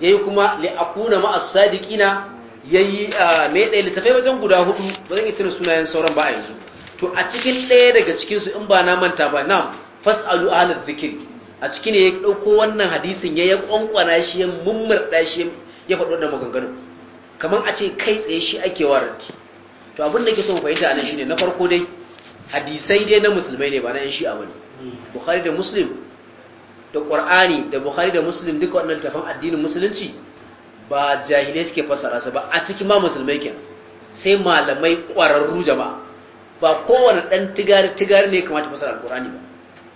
Speaker 1: ya yi kuma la'akuna ma'as sadiƙina ya yi mai ɗaya littafai wajen guda hudu ba zan yi tunan sunayen sauran ba a yanzu to a cikin ɗaya daga cikinsu in ba na manta ba na fas'alu halar zikir a cikin ya ɗauko wannan hadisin ya yi ƙwanƙwana shi ya mummurɗa shi ya faɗo da maganganu kamar a ce kai tsaye shi ake waranti to abin da ke so mu fahimta a nan shine na farko dai hadisai dai na musulmai ne ba na yan shi'a bane bukhari da muslim da qur'ani da bukhari da muslim duka wannan tafan addinin musulunci ba jahilai suke fassara su ba a cikin ma musulmai ke sai malamai ƙwararru jama'a ba kowane dan tigari-tigari ne kamata fassara alqur'ani ba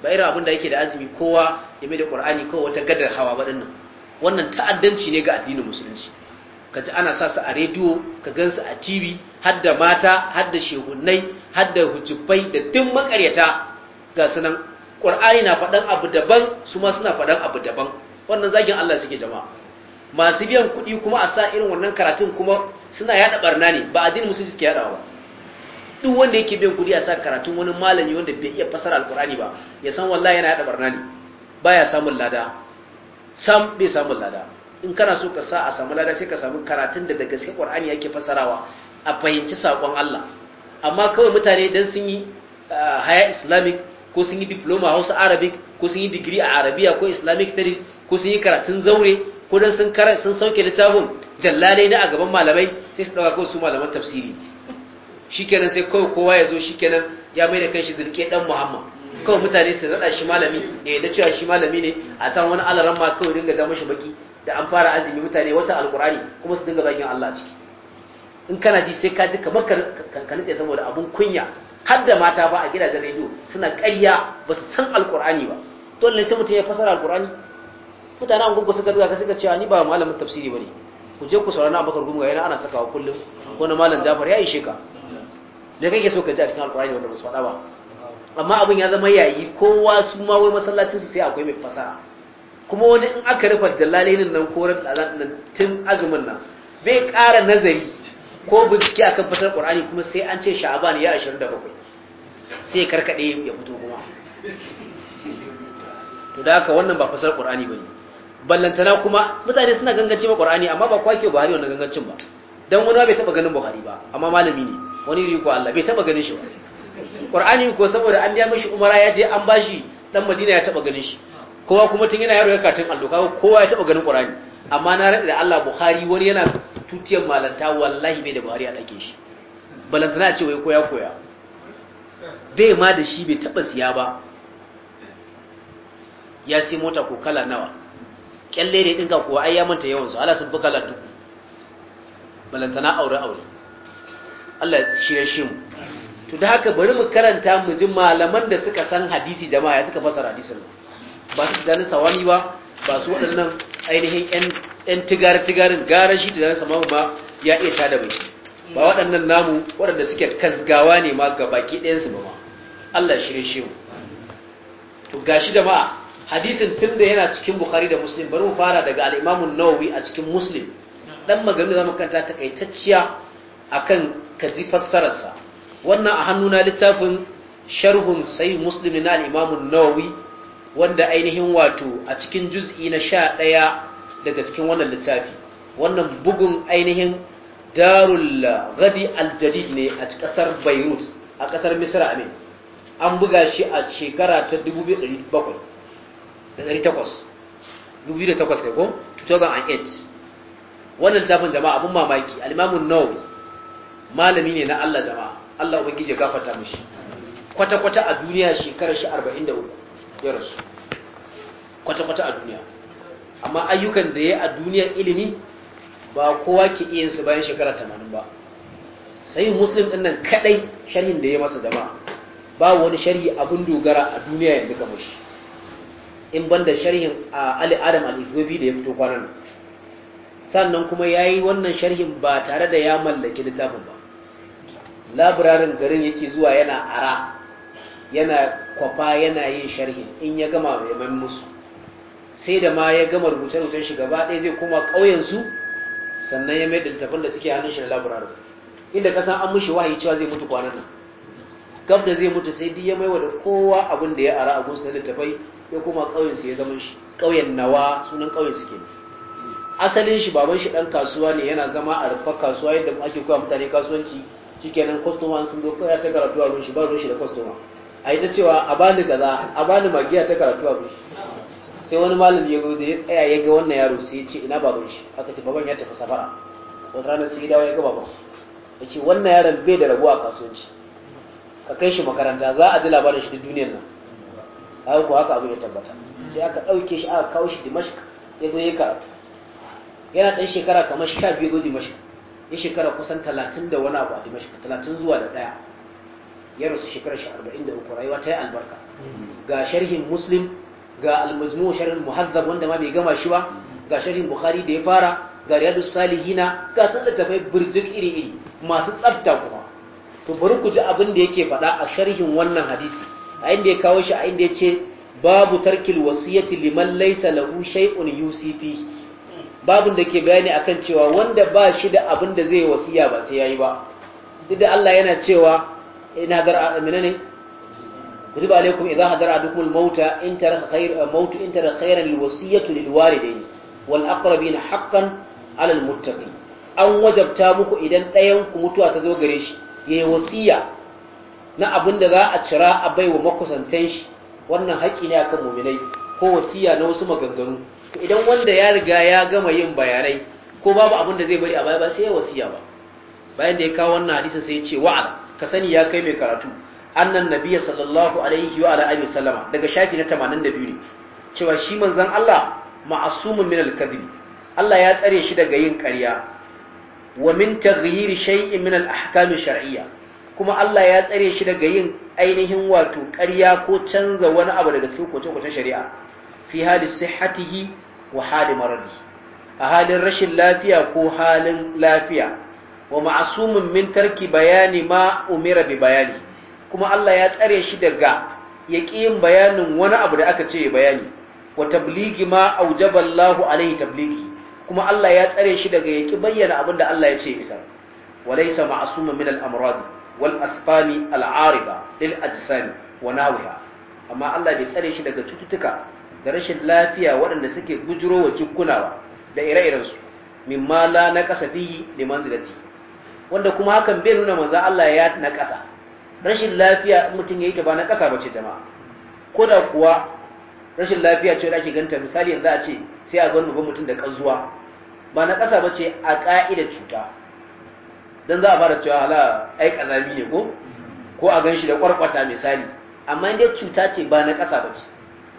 Speaker 1: ba irin abin da yake da azumi kowa ya da ƙur'ani kowa wata gadar hawa ba dinnan wannan ta'addanci ne ga addinin musulunci Kaji ana sa su a rediyo ka gansu a tv har mata har da hadda har da hujjubai da duk makaryata ga sunan ƙwar'ani na faɗan abu daban su ma suna faɗan abu daban wannan zagin allah suke jama'a masu biyan kuɗi kuma a sa irin wannan karatun kuma suna yaɗa barna ne ba addinin musulmi suke yaɗawa ba duk wanda yake biyan kuɗi a sa karatun wani malami wanda bai iya fasara alƙur'ani ba ya san wallahi yana yaɗa barna ne baya samun lada sam bai samun lada in kana so ka sa a samu lada sai ka samu karatun da da gaske qur'ani yake fasarawa a fahimci sakon Allah amma kawai mutane dan sun yi ah, haya islamic ko sun yi diploma Hausa Arabic ko sun yi digiri a Arabiya ko Islamic studies ko sun yi karatun zaure ko dan sun karanta sun sauke littafin jallalai na a gaban malamai sai su dauka ko su malaman tafsiri shikenan sai kawai kowa ya zo shikenan ya mai da kanshi zirke dan Muhammad kawai mutane su nada shi malami eh da cewa shi malami ne a tan wani alaran ma kawai dinga da mashi baki da an fara azumi mutane wata alkurani kuma su dinga bakin Allah ciki in kana ji sai ka ji kamar ka nutse saboda abun kunya har da mata ba a gidajen rediyo suna ƙayya ba su san alkurani ba dole sai mutum ya fasara alkurani an gungu suka duka ka suka cewa ni ba malamin tafsiri bane ku je ku saurana abakar gungu yana ana sakawa kullum ko na malam Jafar ya ishe ka da kake so ka ji a cikin alkurani wanda ba su faɗa ba amma abin ya zama yayi kowa su ma wai masallacin su sai akwai mai fasara kuma wani in aka rufa jallalinin nan ko nan tun azumin nan bai ƙara nazari ko bincike a kan fasar Qur'ani kuma sai an ce sha'aban ya 27 sai karkaɗe ya fito kuma to da haka wannan ba fasar ba ne ballantana kuma mutane suna gangance ba Qur'ani amma ba kwake Buhari wannan gangancin ba don wani ba bai taba ganin Buhari ba amma malami ne wani riko Allah bai taba ganin shi ba Qur'ani ko saboda an biya mashi umara ya je an bashi dan Madina ya taba ganin shi kowa kuma tun yana yaro ya katin allo kaga kowa ya taba ganin qur'ani amma na rada da Allah bukhari wani yana tutiyar malanta wallahi bai da buhari a dake shi na ce wai koya koya bai ma da shi bai taba siya ba ya sai mota ko kala nawa kyalle ne dinka kowa ai ya manta yawan su Allah sun fi kala duku balantana aure aure Allah ya shirye shi mu to da haka bari mu karanta mu ji malaman da suka san hadisi jama'a ya suka fasara hadisin nan ba su tunanin sawani ba ba su waɗannan ainihin ƴan tigar-tigarin gara shi tunanin samamu ba ya iya tada mai, ba waɗannan namu waɗanda suke kasgawa ne ma ga baki ɗayansu ba ma Allah shirye shi mu to gashi da jama'a hadisin tun da yana cikin Bukhari da Muslim bari mu fara daga al'imamun nawawi a cikin Muslim dan maganin da zamu kanta takaitacciya akan kaji fassararsa wannan a hannuna littafin sharhun sai muslim na al nawawi wanda ainihin wato a cikin juz'i na sha ɗaya daga cikin wannan littafi wannan bugun ainihin darul gadi aljadid ne a ƙasar beirut a ƙasar misra amin an buga shi a shekara ta 2008 ko 2008 wannan littafin jama'a abin mamaki alimamun nau malami ne na allah jama'a allah ubangiji ya gafata mishi kwata-kwata a duniya shekarar shi 43 ya kwata-kwata a duniya amma ayyukan da ya a duniyar ilimi ba kowa ke iya su bayan shekara tamanin ba sai muslim din nan kadai sharhin da ya masa dama ba wani sharhi abin dogara a duniya yanzu kamar shi in banda sharhin Ali Adam al da ya fito kwanan sannan kuma ya yi wannan sharhin ba tare da ya mallaki littafin ba labirarin garin yake zuwa yana ara yana kwafa yana yin sharhin in ya gama mai musu sai da ma ya gama rubuce-rubucen shi gaba ɗaya zai koma ƙauyensu sannan ya mai da littafin da suke hannun shi da labararin inda ka san an mushi wahayi cewa zai mutu kwanan nan gab da zai mutu sai dai ya mai da kowa abin da ya ara a gunsa littafai ya koma ƙauyensu ya zama shi ƙauyen nawa sunan ƙauyen suke asalin shi baban shi ɗan kasuwa ne yana zama a rufa kasuwa yadda ake koya mutane kasuwanci shikenan kwastoma sun zo kawai ta karatu a ruwan shi ba ruwan shi da kwastoma a yi ta cewa a bani gaza a bani magiya ta karatu a shi sai wani malam ya zo da ya tsaya ya ga wannan yaro sai ya ce ina baban shi aka ce baban ya tafi safara wata ranar sai ya dawo ya ga baban ya ce wannan yaron bai da rabuwa a kasuwanci ka kai shi makaranta za a ji labarin shi duk duniyar nan haka ko haka abu ya tabbata sai aka ɗauke shi aka kawo shi dimashq ya zo ya karatu yana ɗan shekara kamar sha biyu zo dimashq ya shekara kusan talatin da wani abu a dimashq talatin zuwa da ɗaya ya rasu shekarar shi arba'in da uku rayuwa ta yi albarka ga sharhin muslim ga al-majmu' sharh muhazzab wanda ma bai gama shi ba ga sharhin bukhari da ya fara ga riyadus salihina ga san littafai burjik iri iri masu tsafta kuma to bari ku ji abin da yake faɗa a sharhin wannan hadisi a inda ya kawo shi a inda ya ce babu tarkil wasiyati liman laysa lahu shay'un yusifi babun da ke bayani akan cewa wanda ba shi da abin da zai wasiya ba sai yayi ba duk da Allah yana cewa ina gar amina ne kutiba alaikum idza hadara adukumul mauta in taraka khayr mautu in taraka khayran lil wasiyatu lil wal aqrabin haqqan ala an wajabta muku idan ɗayan ku mutuwa ta zo gare shi yayi wasiya na abin da za a cira a baiwa makusantan shi wannan haƙi ne akan mu'minai ko wasiya na wasu maganganu idan wanda ya riga ya gama yin bayanai ko babu abin da zai bari a baya ba sai ya wasiya ba bayan da ya kawo wannan hadisin sai ya ce wa'ala ka sani ya kai mai karatu annan nabiyya sallallahu alaihi wa ala alihi sallama daga shafi na 82 ne cewa shi manzon Allah ma'asumun min al-kadhib Allah ya tsare shi daga yin ƙarya wa min taghyir shay'in min al-ahkam shar'iyya kuma Allah ya tsare shi daga yin ainihin wato ƙarya ko canza wani abu daga cikin kwace-kwacen shari'a fi hali sihhatihi wa hali maradi a halin rashin lafiya ko halin lafiya wa ma'asumin min tarki bayani ma umira bi bayani kuma Allah ya tsare shi daga yin bayanin wani abu da aka ce bayani wa tabligi ma aujaba Allahu alaihi tabligi kuma Allah ya tsare shi daga yaƙi bayyana abin da Allah ya ce isa walaysa ma'suma min al-amrad wal asfani al-ariba lil ajsami wa nawiha amma Allah bai tsare shi daga cututtuka da rashin lafiya waɗanda suke gujiro wa jikkunawa da ire-irensu iren mimma la kasafihi liman limanzilati wanda kuma hakan bai nuna manzo Allah ya na naƙasa rashin lafiya mutum ya yi ta ba na ƙasa ba ce ma ko da kuwa rashin lafiya ce da ake ganta misali yanzu a ce sai a gwani ba mutum da ƙazuwa ba na ƙasa ba ce a ƙa'idar cuta don za a fara cewa hala ai ƙazami ne ko ko a gan shi da ƙwarƙwata misali amma inda cuta ce ba na ƙasa ba ce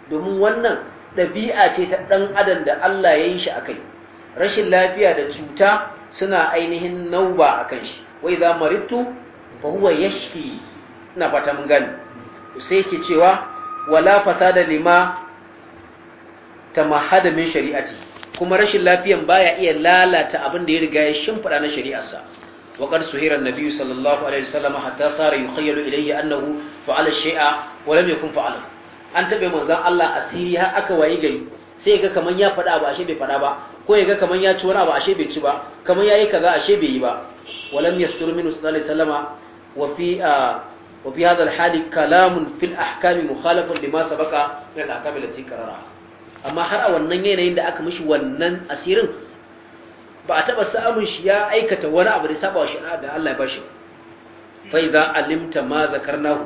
Speaker 1: domin wannan ɗabi'a ce ta ɗan adam da Allah ya yi shi a kai rashin lafiya da cuta suna ainihin nauba a kan shi wai za marittu fa huwa yashfi ina fata mun gani sai yake cewa wala fasada lima mahada min shari'ati kuma rashin lafiyan baya iya lalata abin da ya riga ya shimfida na shari'arsa wa qad suhira an-nabi sallallahu alaihi wasallam hatta sara yukhayyalu ilayhi annahu fa'ala shay'a wa lam yakun fa'ala an tabe manzon Allah asiri har aka waye gari sai ga kaman ya fada ba ashe bai fada ba ko ya ga kaman ya ci wani abu ashe bai ci ba kaman yayi kaza ashe bai yi ba wa lam yastur minhu sallallahu alaihi wasallama wa fi ah, wa fi hadha al-hali kalamun fil ahkami mukhalafun lima sabaqa min al-ahkami allati qarara amma har a wannan yanayin da aka mishi wannan asirin ba a taba samun shi ya aikata wani abu da saba wa shari'a da Allah ya bashi fa iza alimta ma zakarnahu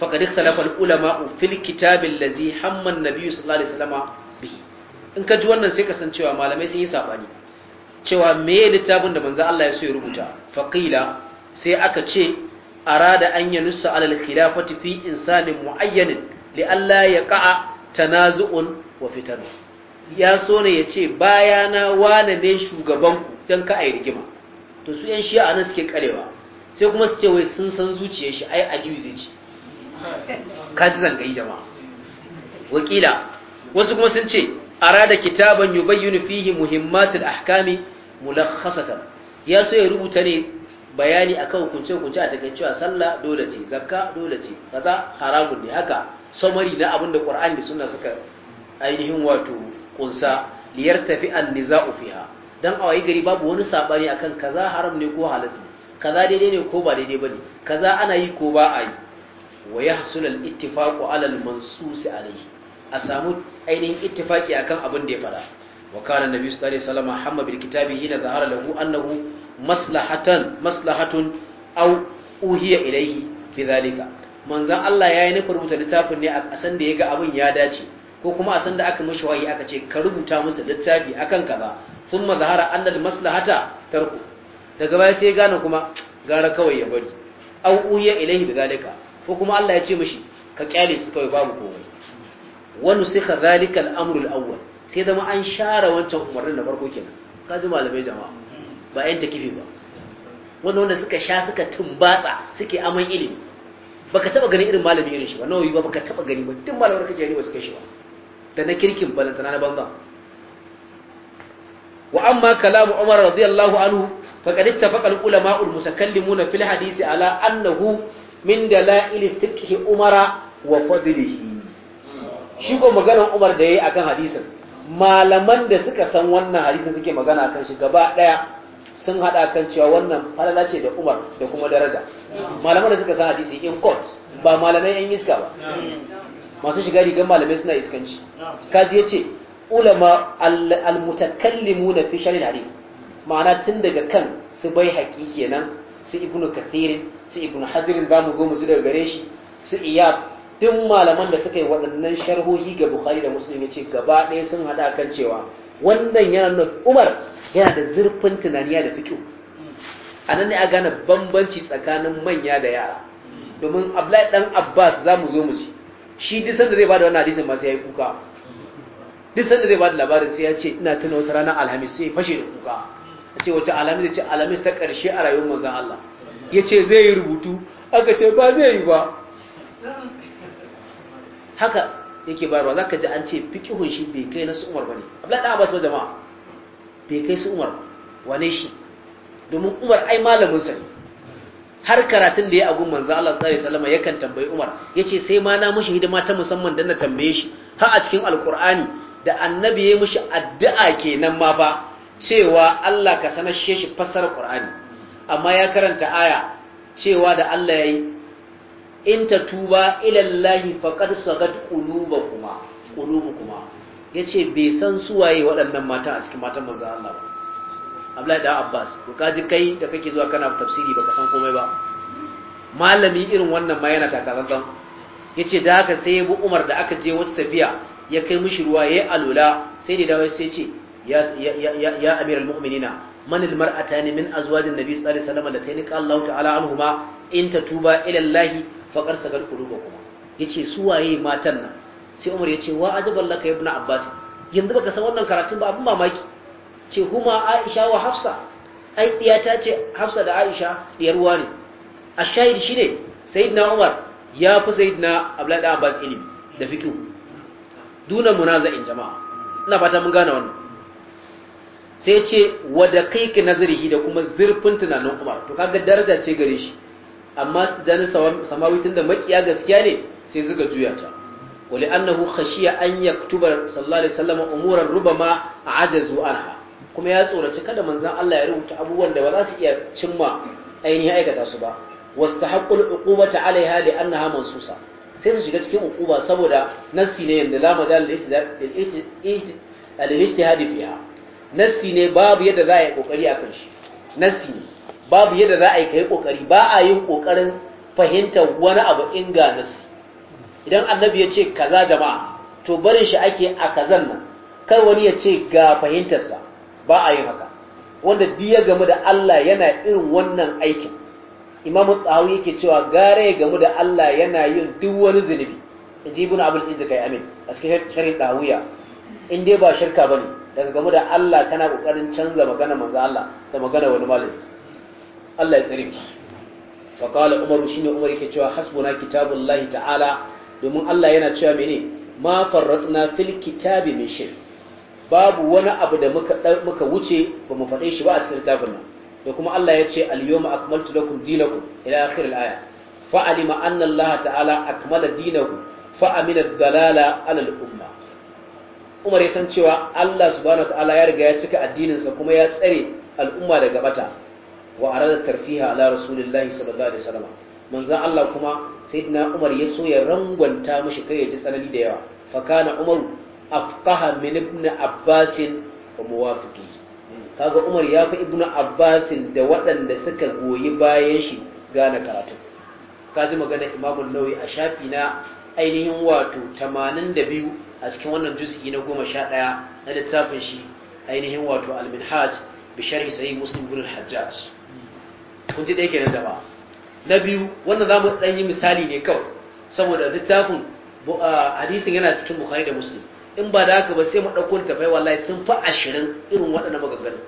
Speaker 1: faqad ikhtalafa al-ulama fil kitab allazi hamma an-nabi sallallahu alaihi wasallam bihi in ka ji wannan sai kasancewa malamai sun yi saɓani. cewa me littafin da manzo Allah ya so ya rubuta faqila sai aka ce arada an yanussa alal khilafati fi insanin mu'ayyanin li Allah ya tanazu'un wa fitanu ya so ne ya ce na wane ne shugabanku don ka a yi rigima to su yan shi'a nan suke karewa sai kuma su ce wai sun san zuciyar shi ai aliyu zai ci ka ji zangayi jama'a wakila wasu kuma sun ce arada kitaban yubayyinu fihi muhimmatul ahkami mulakhasatan ya so ya rubuta ne bayani akan hukunce hukunce a takaice a sallah dole ce zakka dole ce kaza haramun ne haka samari na abinda qur'ani da suna suka ainihin wato kunsa liyar tafi an-niza'u fiha dan a wayi gari babu wani sabani akan kaza haram ne ko halas ne kaza daidai ne ko ba daidai ba ne? kaza ana yi ko ba a yi wa ya al-ittifaqu 'ala al-mansus alayhi a samu ainihin ittifaki akan abin da ya fada wa kana nabi sallallahu alaihi wasallam hamma bil kitabi hina zahara lahu annahu maslahatan maslahatun aw uhiya ilaihi zalika manzon Allah yayi nufin rubuta littafin ne a san da yaga abin ya dace ko kuma a san da aka mishi wahayi aka ce ka rubuta musu littafi akan kaza thumma zahara annal maslahata tarku daga baya sai gane kuma gara kawai ya bari aw uhiya bi zalika ko kuma Allah ya ce mishi ka kyale su kawai babu komai wa nusikha dhalika al-amru al-awwal sai zama an share wancan umarnin na farko kenan kaji malamai jama'a ba yan takifi ba wanda wanda suka sha suka tumbatsa suke aman ilimi baka taba gani irin malamin irin shi ba nawawi ba baka taba gani ba tun malamin kake gani ba suka shi ba da na kirkin balantana na banza wa amma kalamu umar radiyallahu anhu faqad ittafaqa al-ulama al-mutakallimuna fil hadisi ala annahu min dalail fiqh umar wa fadlihi shi ko maganar umar da yayi akan hadisin malaman da suka san wannan hadisin suke magana akan shi gaba daya sun hada kan cewa wannan falala ce da Umar da kuma daraja malaman da suka san hadisi in court ba malamai yan iska ba masu shiga rigar malamai suna iskanci kaji yace ulama almutakallimuna fi sharil hadith ma'ana tun daga kan su bai haƙi kenan su ibnu kathirin su ibnu hadirin ba mu goma daga gare shi su iyab duk malaman da suka yi waɗannan sharhohi ga bukhari da muslim yace gaba ɗaya sun hada kan cewa wannan yana nuna umar yana da zurfin tunaniya da fiƙo a nan ne a gane bambanci tsakanin manya da yara domin abdullahi dan abbas za mu zo mu ci shi duk sanda zai ba da hadisin masu sai ya yi kuka duk sanda zai ba da labarin sai ya ce ina tuna wata ranar alhamis sai ya fashe da kuka a ce wace alhamis ya ce alhamis ta ƙarshe a rayuwar manzan allah ya ce zai yi rubutu aka ce ba zai yi ba haka yake ba za ka ji an ce fikihun shi bai kai na su umar ba ne abdullahi dan abbas ba jama'a bai kai su umar wane shi domin umar ai malamin sa ne har karatun da ya agun manzo Allah sallallahu alaihi wasallam yakan tambayi umar yace sai ma na mushi hidima ta musamman dan na tambaye shi har a cikin alqur'ani da annabi ya mushi addu'a kenan ma ba cewa Allah ka sanar shi fassara qur'ani amma ya karanta aya cewa da Allah yayi in tuba ila Allah faqad sagat qulubukuma qulubukum ya ce bai san suwaye waɗannan matan a cikin matan manzan Allah ba Abdullahi da Abbas to kaji kai da kake zuwa kana tafsiri baka san komai ba malami irin wannan ma yana takarantan yace da haka sai ya bi Umar da aka je wata tafiya ya kai mishi ruwa yayi alula sai da dawo sai ce ya ya ya amiral mu'minina man al mar'atani min azwajin nabi sallallahu alaihi wasallam latayni qala Allah ta'ala anhuma in tatuba ila Allah faqad sagal qulubakum yace su waye matan nan sai umar ya ce wa ajaban laka ibn abbas yanzu baka san wannan karatun ba abin mamaki ce huma aisha wa hafsa ai ta ce hafsa da aisha diyar ruwa ne a shahid shine sayyidina umar ya fi sayyidina abdullahi dan abbas ilimi da fiqh dunan munaza'in jama'a ina fata mun gane wannan sai ce wada kai ki nazarihi da kuma zurfin tunanin umar to kaga daraja ce gare shi amma dan samawitin da makiya gaskiya ne sai suka juyata. wali خشي khashiya يكتب صلى الله عليه وسلم umuran rubama ajazu عنها kuma ya tsoraci kada manzon Allah ya rubuta abubuwan da ba za su iya cimma ainihin aikata su ba wastahaqqul uqubata alaiha li annaha mansusa sai su shiga cikin uquba saboda nassi ne yanda la majal lil ijtihad fiha nassi ne babu yadda za a yi kokari akan shi nassi babu yadda za a yi kai kokari ba a yin kokarin fahimtar wani abu inga nassi idan annabi ya ce kaza jama'a to barin shi ake a kazan nan kar wani ya ce ga fahimtarsa ba a yin haka wanda diya gamu da Allah yana irin wannan aikin imam tsawo yake cewa gare gamu da Allah yana yin duk wani zunubi inji ibn abul izz amin a cikin shari'a dawiya in dai ba shirka bane daga gamu da Allah kana kokarin canza magana manzo Allah da magana wani malami Allah ya tsare ki fa qala umaru shine umar yake cewa hasbuna kitabullahi ta'ala domin Allah yana cewa mene ma farratna fil kitabi min shay babu wani abu da muka muka wuce ba mu faɗe shi ba a cikin littafin nan da kuma Allah ya ce al yawma akmaltu lakum dinakum ila akhir al aya fa alima anna Allah ta'ala akmala dinahu fa amila dalala ala al umma Umar ya san cewa Allah subhanahu ta'ala ya riga ya cika addininsa kuma ya tsare al'umma daga bata wa arada tarfiha ala rasulillahi sallallahu alaihi wasallam manzan Allah kuma na Umar ya so ya rangwanta mashi kai ya ji tsanani da yawa fa kana Umar afqaha min ibn Abbas wa muwafiqi kaga Umar ya fi ibn Abbas da waɗanda suka goyi bayan shi gane karatu ka ji magana Imam Nawawi a shafi na ainihin wato 82 a cikin wannan juz'i na 11 na littafin shi ainihin wato al-Minhaj bi sharhi sahih Muslim ibn al-Hajjaj kun ji da yake nan jama'a na biyu wannan za mu ɗan yi misali ne kawai saboda littafin hadisin yana cikin bukari da musulmi in ba da haka ba sai mu ɗauko littafai wallahi sun fi ashirin irin waɗannan maganganu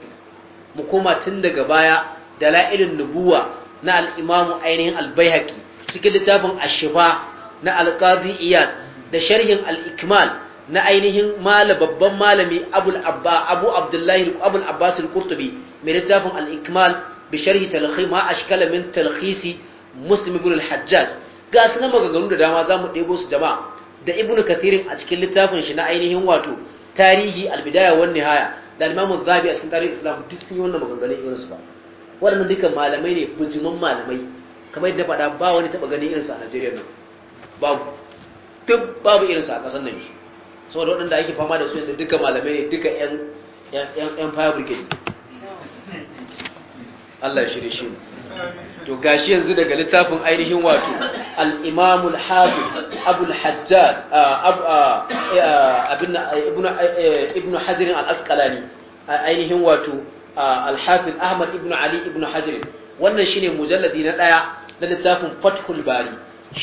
Speaker 1: mu koma tun daga baya dala'ilin nubuwa na al'imamu ainihin albaihaki cikin littafin ashifa na alƙadi iyad da sharhin al'ikmal na ainihin mala babban malami abu abdullahi abul abbas al-qurtubi mai littafin al'ikmal bi sharhi talhi ma ashkala min talhisi muslim ibn al-hajjaj ga su na maganganu da dama za mu ɗebo su jama'a da ibn kathirin a cikin littafin shi na ainihin wato tarihi albidaya wan nihaya da al-imamu zabi a cikin tarihi islam duk sun yi wannan maganganun irin su ba waɗannan duka malamai ne bijimin malamai kamar yadda faɗa ba wani taɓa irin irinsu a najeriya nan babu duk babu irinsu a kasan nan yanzu saboda waɗanda ake fama da su yanzu duka malamai ne duka 'yan fire brigade Allah ya shirye shi to gashi yanzu daga littafin ainihin wato al-Imam al-Hafiz Abu al-Hajjaj ibn ibn Hajar al-Asqalani ainihin wato al-Hafiz Ahmad ibn Ali ibn Hajar wannan shine mujalladi na daya na littafin Fathul Bari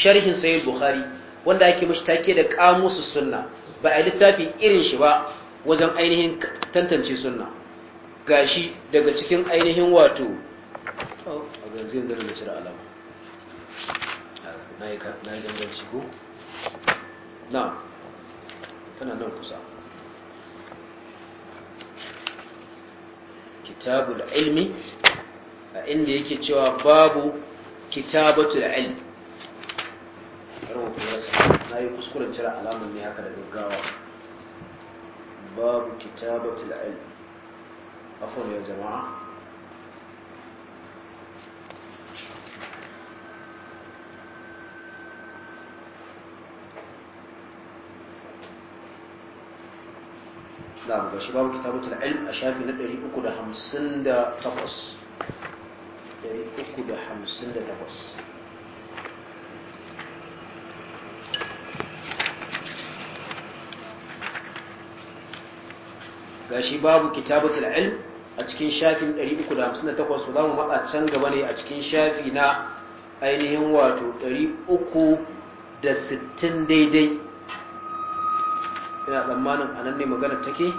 Speaker 1: sharhin Sahih Bukhari wanda yake mishi take da kamusus sunna ba a littafin irin shi ba wajen ainihin tantance sunna gashi daga cikin ainihin wato yanzu yanzu na cire alama na yi ganganci ko na tana nan kusa da ilmi a inda yake cewa babu da ilmi na yi kuskuren cire alamun ne haka da gaggawa babu da ilmi afon yau jama'a na buga shi babu kitabatul ilm a shafi na 358 358 gashi babu kitabatul ilm a cikin shafi na 358 su zamu matsa can gaba ne a cikin shafi na ainihin wato 360 daidai ina tsammanin nan ne magana take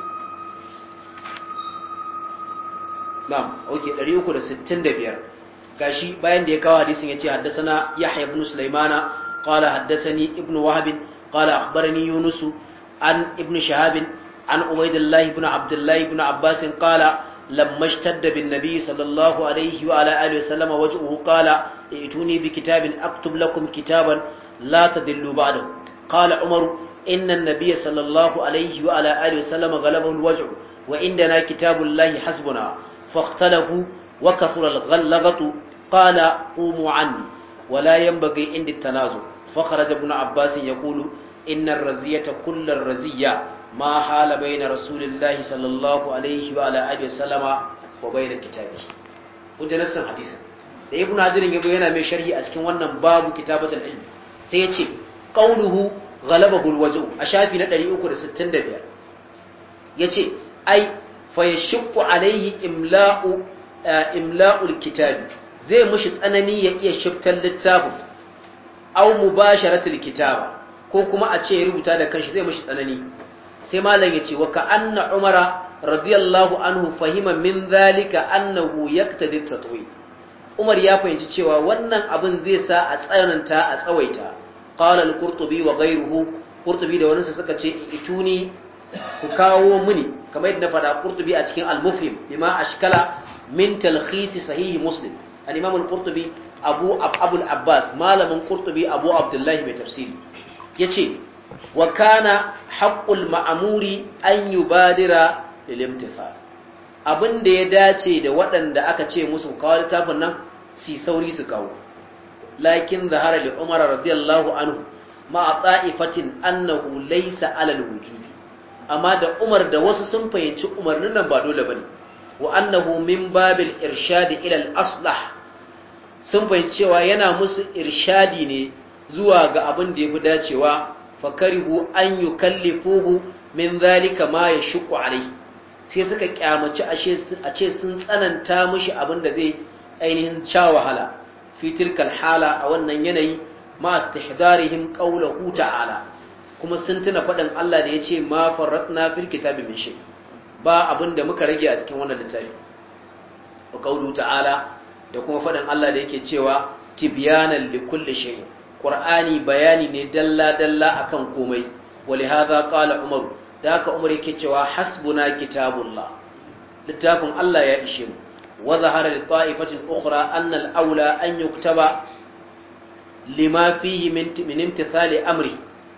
Speaker 1: na'am oke 365 gashi bayan da ya kawo hadisin yace hadasana yahya ibn sulaimana qala haddathani ibn wahab qala akhbarani yunusu an ibn shahabin an ubaydillah ibn abdullah ibn abbas qala لما اشتد بالنبي صلى الله عليه وعلى آله وسلم وجهه قال ائتوني بكتاب أكتب لكم كتابا لا تدلوا بعده قال umaru. innan nabiyya sallallahu alaihi wa ala alihi wasallama galabahu alwaj'u wa indana kitabullahi hasbuna faqtalahu wa kathura alghallagatu qala qumu anni wa la yanbaghi indi tanazu fa kharaja ibn abbas yaqulu inna ar-raziyata kullu ar-raziyya ma hala bayna rasulillahi sallallahu alaihi wa ala alihi wasallama wa da ibn hajar yabo yana mai sharhi a cikin wannan babu kitabatul ilmi sai ya ce qauluhu Galaba waj'u a shafi na 365 yace ai fayashqu alaihi imla'u imla'ul kitabi zai mushi tsanani ya iya shiftar littafin aw mubasharatul kitaba ko kuma a ce ya rubuta da kanshi zai mushi tsanani sai malam yace wa ka anna umara radiyallahu anhu fahima min dhalika annahu yaqtadi tatwi umar ya fahimci cewa wannan abin zai sa a tsananta a tsawaita qala al-qurtubi wa ghayruhu qurtubi da wani suka ce ituni ku kawo mini kamar yadda fada qurtubi a cikin al-mufhim bima ashkala min talkhis sahih muslim al-imam al-qurtubi abu abul abbas malamin qurtubi abu abdullahi mai tafsiri yace wa kana haqqul ma'muri an yubadira lil imtithal abinda da ya dace da waɗanda aka ce musu kawo littafin nan si sauri su kawo lakin zahara li umar radiyallahu anhu ma ta'ifatin annahu laysa alal wujubi amma da umar da wasu sun fahimci umarnin nan ba dole bane wa annahu min babil irshadi ila al aslah sun fahimci cewa yana musu irshadi ne zuwa ga abin da yafi dacewa fakarihu an yukallifuhu min zalika ma yashqu alayhi sai suka kyamaci a ce sun tsananta mishi abin da zai ainihin sha wahala fi tilkal hala a wannan yanayi ma istihdarihim qawluhu ta'ala kuma sun tuna faɗin Allah da yace ma farratna fil kitabi min shay ba abinda muka rage a cikin wannan littafi wa qawlu ta'ala da kuma faɗin Allah da yake cewa tibyanan likulli shay qur'ani bayani ne dalla dalla akan komai walihadha qala umar da haka umar yake cewa hasbuna kitabullah littafin Allah ya ishe mu wa zahara li ta'ifatin ukhra anna al-aula an yuktaba lima fihi amri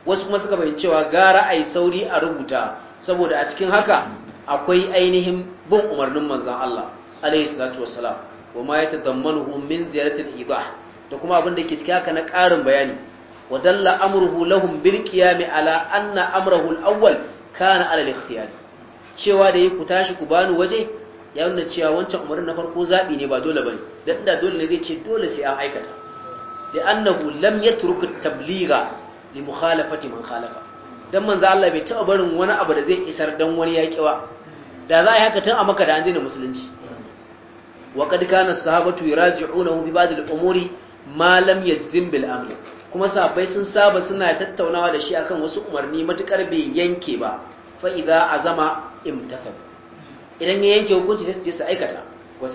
Speaker 1: wasu kuma suka bayyana cewa gara ai sauri a rubuta saboda a cikin haka akwai ainihin bin umarnin manzon Allah alaihi salatu wassalam wama yatadammanuhu min ziyaratil idah da kuma abin da ke cikin haka na ƙarin bayani wa dalla amruhu lahum bil qiyami ala anna amrahu al-awwal kana ala al cewa da yi ku tashi ku bani waje ya nuna cewa wancan umarin na farko zaɓi ne ba dole bane dan inda dole ne zai ce dole sai an aikata li'annahu lam yatruku tabliga li mukhalafati man khalafa dan manzo Allah bai taɓa barin wani abu da zai isar dan wani yaƙiwa da za a yi haka tun a maka da an daina musulunci wa kad kana sahabatu yuraji'unahu bi ba'd al-umuri ma lam yajzim bil amr kuma sahabbai sun saba suna tattaunawa da shi akan wasu umarni matukar bai yanke ba fa idza azama imtasab idan ya yanke hukunci sai su je su aikata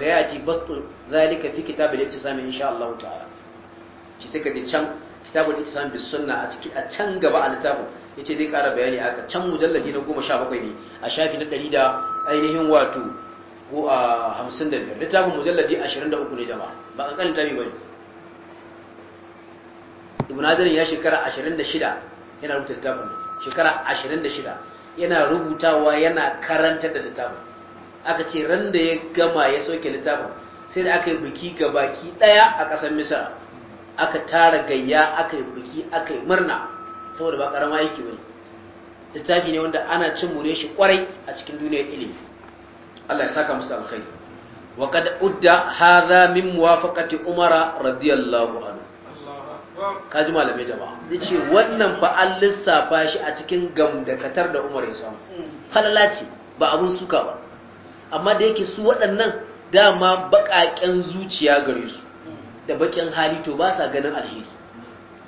Speaker 1: ya ci bastu zalika fi kitabul ittisami insha Allah ta'ala shi sai ka ji can kitabul ittisami bis sunna a cikin a can gaba a littafin yace zai ƙara bayani aka can mujalladi na 17 ne a shafi na 100 da ainihin wato ko a 55 littafin mujalladi 23 ne jama'a ba kan littafi bane ibn azrin ya shekara 26 yana rubuta littafin shekara 26 yana rubutawa yana karanta da littafin aka ce ran da ya gama ya sauke littafin sai da aka yi biki ga baki ɗaya a ƙasar misar aka tara gayya aka yi biki aka yi murna saboda ba ƙarama yake bane littafi ne wanda ana cin mure shi kwarai a cikin duniyar ilimi Allah ya saka musu alkhairi wa qad udda hadha min muwafaqati umara radiyallahu anhu kaji malamai jama'a yace wannan fa an lissafa shi a cikin gamdakatar da Umar ya samu falala ce ba abun suka ba amma da yake su waɗannan dama baƙaƙen zuciya gare su da baƙin hali to ba sa ganin alheri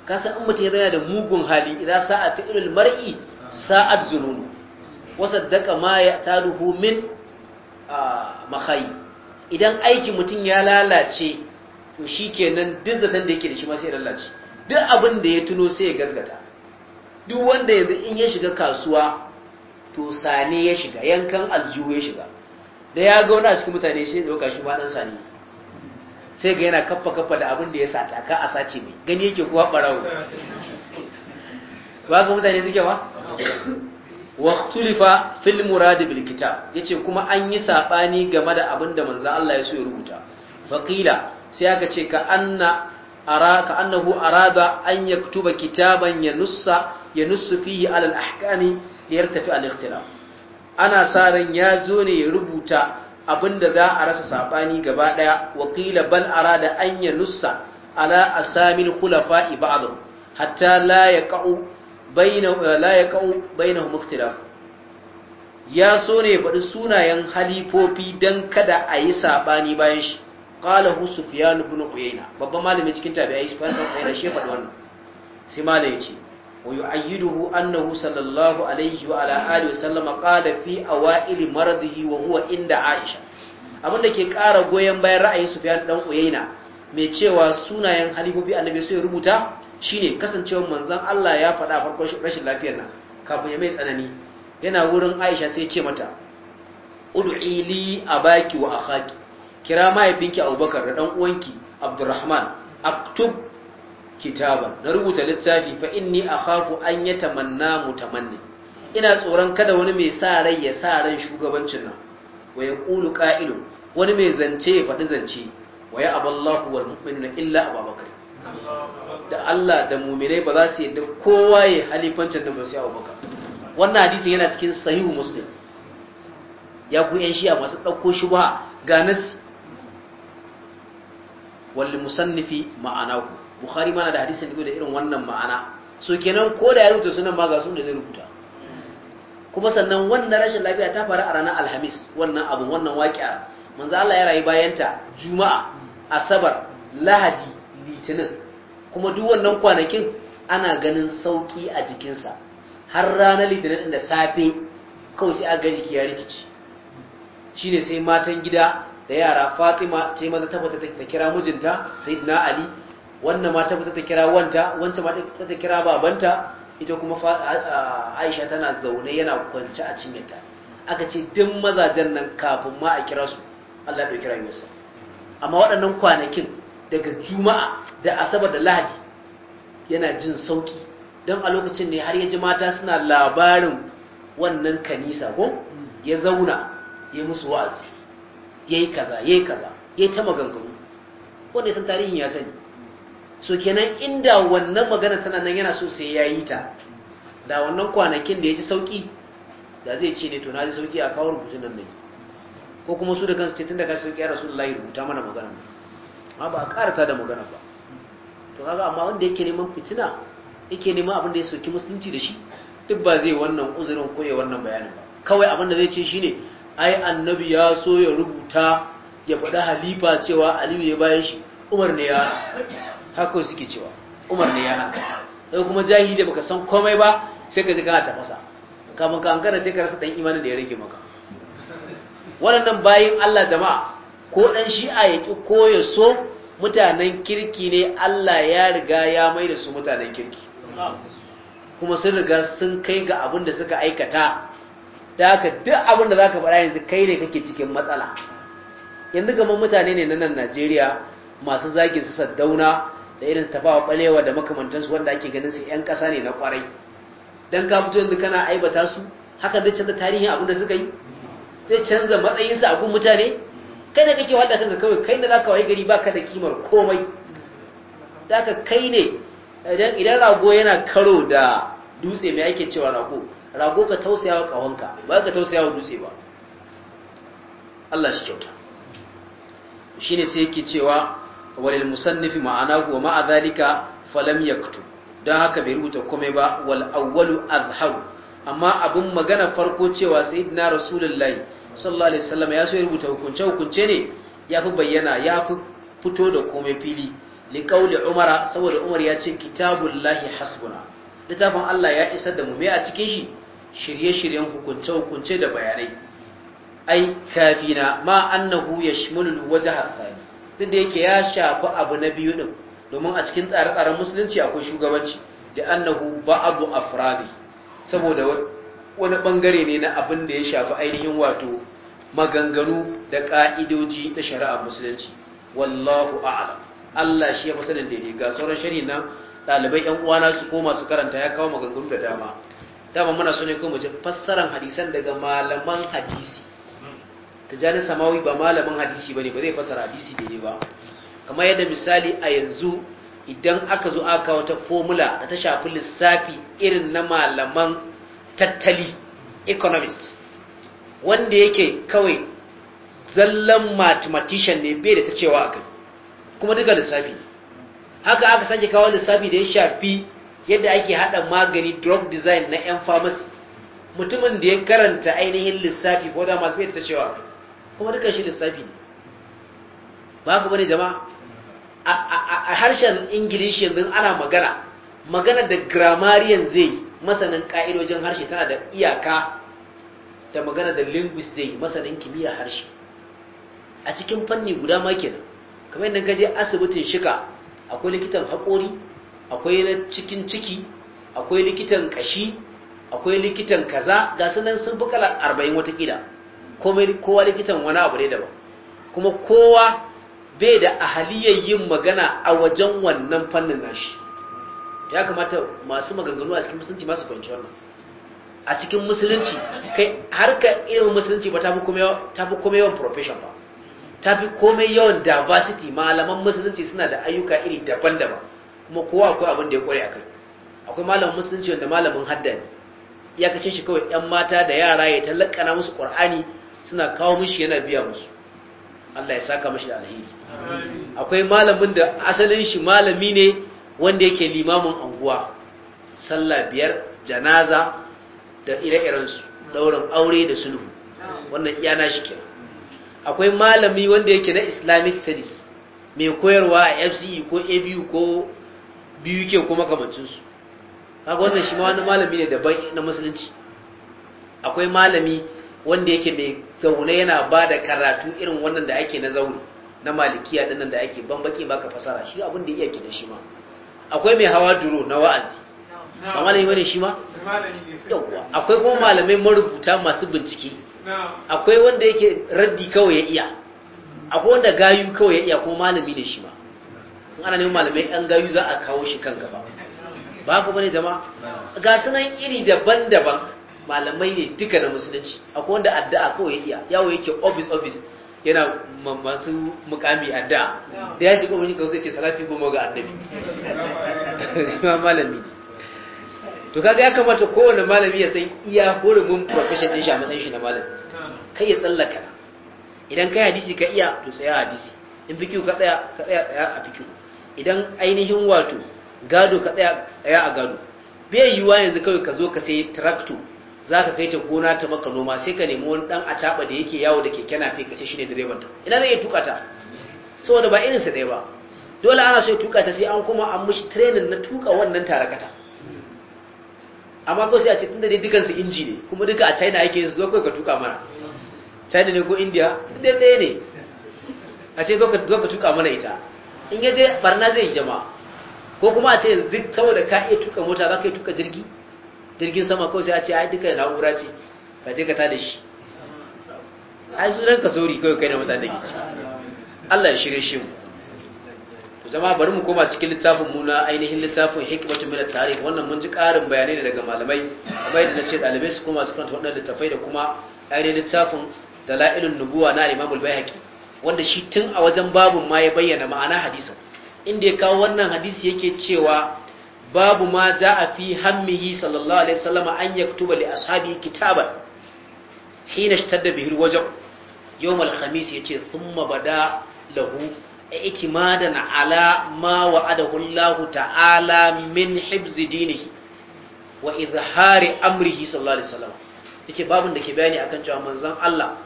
Speaker 1: kasan in mutum ya zana da mugun hali idan sa'a filul mar'i sa'ad zununu wasaddaka ma ya ruhu min makhayi idan aikin mutum ya lalace to shikenan duk zaton da yake da shi ma sai lalace duk abin da ya tuno sai ya gasgata duk wanda yanzu in ya shiga kasuwa to sane ya shiga yankan aljihu ya shiga da ya ga wani a cikin mutane sai da shi ba nan ne sai ga yana kaffa kaffa da abin da ya sata ka a sace mai gani yake kuwa barawo ba ga mutane suke ba waktulifa fil muradi bil kitab yace kuma an yi sabani game da abin da manzo Allah ya so ya rubuta faqila sai aka ce ka anna ara annahu arada an yaktuba kitaban ya nusa fihi ala al ahkami liyartafi al ikhtilaf ana sa ran ya zo ne ya rubuta abinda za a rasa sabani gaba daya wakila bal arada an ya nussa ala asamil khulafa ba'd hatta la yaqau baina la yaqau baina ya so ne faɗi sunayen halifofi dan kada a yi sabani bayan shi qala hu ibn uyayna babban malami cikin tabi'ai sufyan ibn ya shi faɗi wannan sai malami ya ce ويؤيده أنه صلى الله عليه وعلى آله وسلم قال في أوائل مرضه وهو عند عائشة abin da ke ƙara goyon bayan ra'ayin Sufyan dan Uyayna mai cewa sunayen halifofi annabi sai rubuta shine kasancewar manzon Allah ya faɗa farkon rashin lafiyar nan kafin ya mai tsanani yana wurin Aisha sai ce mata ud'i li abaki wa akhaki kira mahaifinki Abubakar da dan uwanki Abdurrahman aktub kitaban na rubuta littafi fa inni akhafu an yatamanna mutamanni ina tsoron kada wani mai sa rai ya sa ran shugabancin nan wa yaqulu qa'ilu wani mai zance ya faɗi zance wa ya aballahu wal mu'minuna illa abubakar da Allah da mu'minai ba za su yadda kowa ya halifancin da ba sai abubakar wannan hadisin yana cikin sahihu muslim ya ku yan shi'a masu ɗauko ba ga nas wal musannifi ma'anahu bukhari mana da hadisin da da irin wannan ma'ana so kenan ko da ya rubuta sunan ma ga sun da zai rubuta kuma sannan wannan rashin lafiya ta faru a ranar alhamis wannan abu wannan waƙiya manzo Allah ya rayu ta juma'a asabar lahadi litinin kuma duk wannan kwanakin ana ganin sauki a jikinsa har ranar litinin da safe kawai sai aga jiki ya rikici shine sai matan gida da yara fatima ta yi tabbata ta kira mijinta Sayyidina ali wannan mata ta kira wanta wancan mata ta kira babanta ita kuma aisha tana zaune yana kwance a cinyata aka ce duk mazajen nan kafin ma a kira su allah ɗauki rayuwarsa amma waɗannan kwanakin daga juma'a da asabar da lahadi yana jin sauki don a lokacin ne har ya ji mata suna labarin wannan kanisa ko ya zauna ya musu wa'azi ya yi kaza ya yi kaza ya yi ta maganganu wanda ya san tarihin ya sani so kenan inda wannan magana tana nan yana so sai ya yi ta da wannan kwanakin da ya ji sauki da zai ce ne to na ji sauki a kawo rubutun nan ne ko kuma su da kansu ce tun da ka sauki rasu rasulullahi rubuta mana magana amma ba a karata da magana ba to kaga amma wanda yake neman fitina yake neman abin da ya sauki musulunci da shi duk ba zai wannan uzurin ko ya wannan bayanin ba kawai abin da zai ce shi ne, ai annabi ya so ya rubuta ya faɗi halifa cewa aliyu ya bayan shi umar ne ya haka suke cewa umar ne yana sai kuma jahili da baka san komai ba sai ka ji kana tafasa kafin ka ankara sai ka rasa dan imanin da ya rage maka waɗannan bayin Allah jama'a ko dan shi'a ya ki ko ya so mutanen kirki ne Allah ya riga ya mai da su mutanen kirki kuma sun riga sun kai ga abin da suka aikata da haka duk abin da za ka faɗa yanzu kai ne kake cikin matsala yanzu kamar mutane ne na nan najeriya masu zagin su saddauna da irin su tafawa balewa da makamantansu wanda ake ganin su ƴan ƙasa ne na ƙwarai. dan ka fito yanzu kana aibata su haka zai canza tarihin abin da suka yi zai canza su a gun mutane kai da kake wanda kanka kawai kai da za ka waye gari ba ka da kimar komai Da ka kai ne idan rago yana karo da dutse mai ake cewa rago rago ka tausaya wa ƙahonka ba ka tausaya dutse ba Allah shi kyauta shine sai yake cewa walil musannifi ma'anahu wa ma'a zalika falam yaktub don haka bai rubuta komai ba wal awwalu azharu amma abun magana farko cewa sayyidina rasulullahi sallallahu alaihi wasallam ya so ya rubuta hukunce hukunce ne ya fi bayyana ya fi fito da komai fili li qawli umara saboda umar ya ce kitabullahi hasbuna littafin Allah ya isar da mu me a cikin shi shirye-shiryen hukunce hukunce da bayanai ai kafina ma annahu yashmulu wajha duk yake ya shafi abu na biyu din domin a cikin tsare-tsaren musulunci akwai shugabanci da annahu ba'adu afradi saboda wani bangare ne na abin da ya shafi ainihin wato maganganu da ka'idoji da shari'ar musulunci wallahu a'lam Allah shi ya fi sanin daidai ga sauran shari'a nan ɗalibai yan uwana su koma su karanta ya kawo maganganu da dama dama muna so ne kuma ji fassaran hadisan daga malaman hadisi tijani samawi ba malamin hadisi bane ba zai fasara hadisi ne ba kamar yadda misali a yanzu idan aka zo aka wata formula da ta shafi lissafi irin na malaman tattali economist wanda yake kawai zallan mathematician ne bai da ta cewa akai kuma duka lissafi haka aka sake kawo lissafi da ya shafi yadda ake hada magani drug design na yan pharmacy mutumin da ya karanta ainihin lissafi ko da masu bai da ta cewa akai kuma dukkan shi lissafi ne ba ku bane jama'a a harshen ingilishi yanzu ana magana magana da grammarian zai masanin ka'idojin harshe tana da iyaka da magana da linguist zai masanin kimiyyar harshe a cikin fanni guda ma kenan kamar yadda kaje asibitin shika akwai likitan haƙori akwai na cikin ciki akwai likitan ƙashi akwai likitan kaza ga sunan sun fi kala arba'in watakila kowa likitan wani abu ne daban kuma kowa bai da ahaliyar yin magana a wajen wannan fannin nashi ya kamata masu maganganu a cikin musulunci masu fahimci wannan a cikin musulunci kai ka ilimin musulunci ba ta fi kome yawan profession ba ta fi kome yawan diversity malaman musulunci suna da ayyuka iri daban-daban kuma kowa akwai abin da ya kware a kai akwai malamin musulunci wanda malamin hadda ne iyakacin shi kawai 'yan mata da yara ya talakana musu ƙwar'ani suna kawo mishi yana biya musu Allah ya saka mishi da alheri akwai malamin da asalin shi malami ne wanda yake limamin anguwa sallah biyar janaza da ire-iren su daurin aure da sulhu wannan iyana shi kenan akwai malami wanda yake na Islamic studies mai koyarwa a FCE ko ABU ko BUK ko kuma kamancinsu kaga wannan shi ma wani malami ne daban na musulunci akwai malami wanda yake mai zaune yana ba da karatu irin wannan da ake na zaune na malikiya dinnan da ake bambaki baka fasara shi abin da iya da shi ma akwai mai hawa duro na wa'azi
Speaker 2: ba malami bane shi
Speaker 1: ma akwai kuma malamai marubuta masu bincike akwai wanda yake raddi kawai ya iya akwai wanda gayu kawai ya iya ko malami ne shi ma in ana neman malamai ɗan gayu za a kawo shi kan gaba ba ku bane jama'a ga sunan iri daban-daban malamai ne duka na musulunci akwai wanda addu'a kawai ya iya yawo yake office office yana masu mukami addu'a da ya shiga wani kawai sai ce salati goma ga annabi ma malami ne to kaga ya kamata kowane malami ya san iya hurumin profession din shi a matsayin shi na malami kai ya tsallaka idan kai hadisi ka iya to tsaya hadisi in fikiyu ka tsaya ka tsaya a fikiyu idan ainihin wato gado ka tsaya a gado bai yiwuwa yanzu kawai ka zo ka sai tractor za ka kai ta gona ta maka noma sai ka nemi wani dan acaba da yake yawo da keke nafe kace shi shine direban ta ina zai tuka ta saboda ba irin sa dai ba dole ana so ya tuka ta sai an kuma an mishi training na tuka wannan tarakata amma ko sai a ce tunda dai dukan su inji ne kuma duka a China yake su zo kai ka tuka mana China ne ko India dai dai ne a ce zo ka tuka mana ita in yaje barna zai jama'a ko kuma a ce duk saboda ka iya tuka mota za ka iya tuka jirgi jirgin sama ko sai a ce ai duka na'ura ce ka je ka tada shi ai sunan ka kawai kai da mutane ke ci Allah ya shirye shi mu zama bari mu koma cikin littafin mu na ainihin littafin hikmatu min tarihi wannan mun ji karin bayanai ne daga malamai kamar yadda ce dalibai su koma su kanta wadannan littafai da kuma ainihin littafin dalailun nubuwa na Imam al-Baihaqi wanda shi tun a wajen babun ma ya bayyana ma'ana hadisin inda ya kawo wannan hadisi yake cewa babu ma a fi hammihi sallallahu alaihi wasallam an yaktuba li ashabi kitaban hina ishtadda bihi alwajh yawm alkhamis yace thumma bada lahu ikimadan ala ma wa'adahu Allah ta'ala min hibzi dinihi wa izhari amrihi sallallahu alaihi wasallam yace babun da ke bayani akan cewa manzon Allah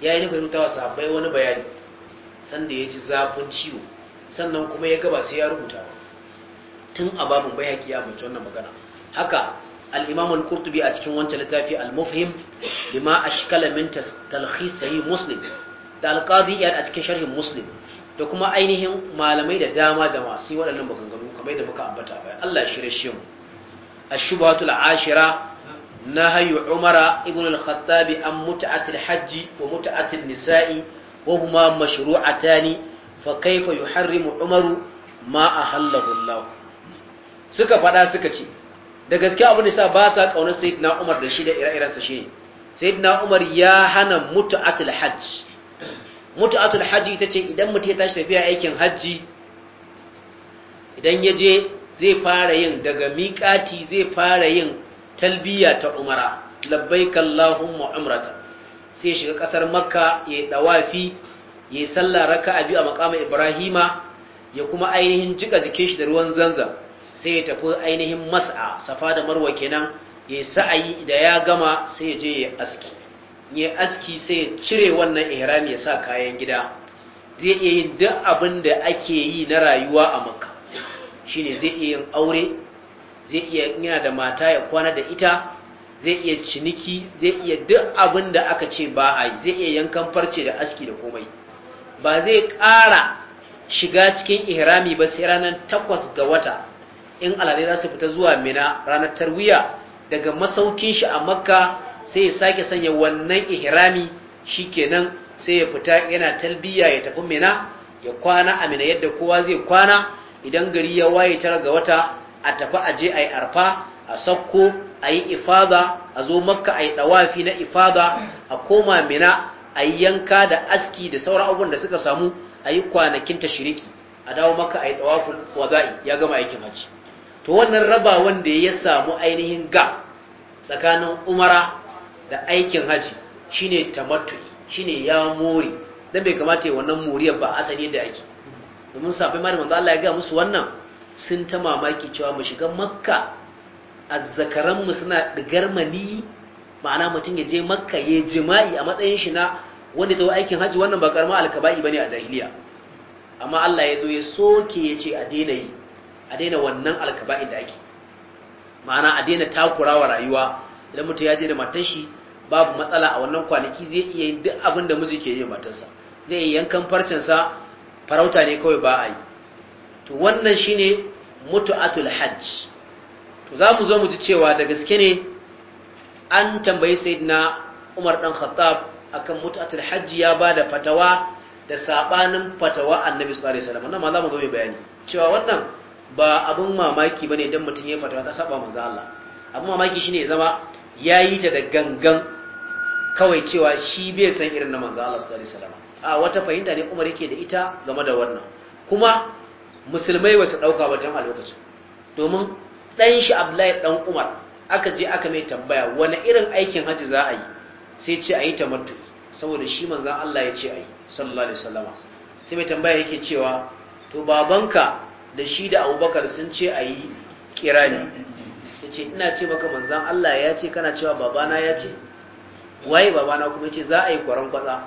Speaker 1: yayi nufin rutawa sahabbai wani bayani sanda yaji zafin ciwo sannan kuma ya gaba sai ya rubuta tun a babin bai ya wannan magana haka al-imam al-qurtubi a cikin wancan littafi al-mufhim lima ashkala min talkhis muslim da al-qadi a cikin sharhin muslim da kuma ainihin malamai da dama jama'a sai waɗannan maganganu kamar da muka ambata bayan Allah shirye shi mu ash-shubhatu al-ashira nahyu umara ibn al-khattab an mut'atil hajji wa mut'atil nisa'i wa huma mashru'atani fa kayfa yuharrimu umaru ma ahallahu Allah suka faɗa suka ce da gaske abin da sa ba sa ƙaunar sayyidina umar da shi da ire sa shi sayyidina umar ya hana mutu'atul hajj mutu'atul hajj ita ce idan mutum ya tashi tafiya aikin hajji idan ya je zai fara yin daga miƙati zai fara yin talbiya ta umara labbaika allahumma umrata sai shiga ƙasar makka ya dawafi ya sallah raka'a biyu a maqama ibrahima ya kuma ainihin jika jikin shi da ruwan zanzam sai ya tafi ainihin mas'a safa da marwa kenan ya sa'ayi da ya gama sai ya je ya aski ya aski sai ya cire wannan ihram ya sa kayan gida zai iya yin duk abin da ake yi na rayuwa a makka shine zai iya yin aure zai iya yana da mata ya kwana da ita zai iya ciniki zai iya duk abin da aka ce ba a yi zai iya yankan farce da aski da komai ba zai ƙara shiga cikin ihrami ba sai ranar takwas ga wata in alade za su fita zuwa mina ranar tarwiya daga masaukin shi a makka sai ya sake sanya wannan ihrami shikenan sai ya fita yana talbiya ya tafi mina ya kwana a mina yadda kowa zai kwana idan gari ya waye tara ga wata a tafi a je a yi arfa a sakko a yi ifada a zo makka a yi ɗawafi na ifada a koma mina a yi yanka da aski da sauran abubuwan da suka samu a yi kwanakin tashiriki a dawo maka a yi tawaful wada'i ya gama aikin hajji to wannan raba wanda ya samu ainihin ga tsakanin umara da aikin haji shine tamatu, shine ya mori dan bai kamata ya wannan moriyar ba asali da ake domin safai malamin da Allah ya ga musu wannan sun ta mamaki cewa mu shiga makka azzakaran mu suna digar mali ma'ana mutum ya je makka ya jima'i a matsayin shi na wanda ta aikin haji wannan ba karma alkaba'i bane a jahiliya amma Allah ya zo ya soke ya ce a daina yi a daina wannan alkaba'in da ake ma'ana a daina takura wa rayuwa idan mutum ya je da matar shi babu matsala a wannan kwanaki zai iya yin duk abin da miji ke yi matansa, zai yi yankan farcinsa farauta ne kawai ba a yi to wannan shine mutu'atul hajj to za mu zo mu ji cewa da gaske ne an tambayi sayyidina Umar dan Khattab akan mutu'atul hajj ya da fatawa da sabanin fatawa Annabi sallallahu alaihi wasallam nan ma za mu zo mai bayani cewa wannan ba abin mamaki ba ne don mutum ya fata ta saba manzo Allah abin mamaki shine ya zama yayi ta da gangan kawai cewa shi bai san irin na manzo Allah sallallahu alaihi wasallam a wata fahimta ne Umar yake da ita game da wannan kuma musulmai wasu dauka wajen a lokacin domin dan shi Abdullahi dan Umar aka je aka mai tambaya wani irin aikin haji za a yi sai ce a yi tamattu saboda shi manzo Allah ya ce a yi sallallahu alaihi wasallam sai mai tambaya yake cewa to babanka da shi da abubakar sun ce a yi kirani ya ce ina ce maka manzan Allah ya ce kana cewa babana ya ce waye babana kuma ya ce za a yi kwaron kwaza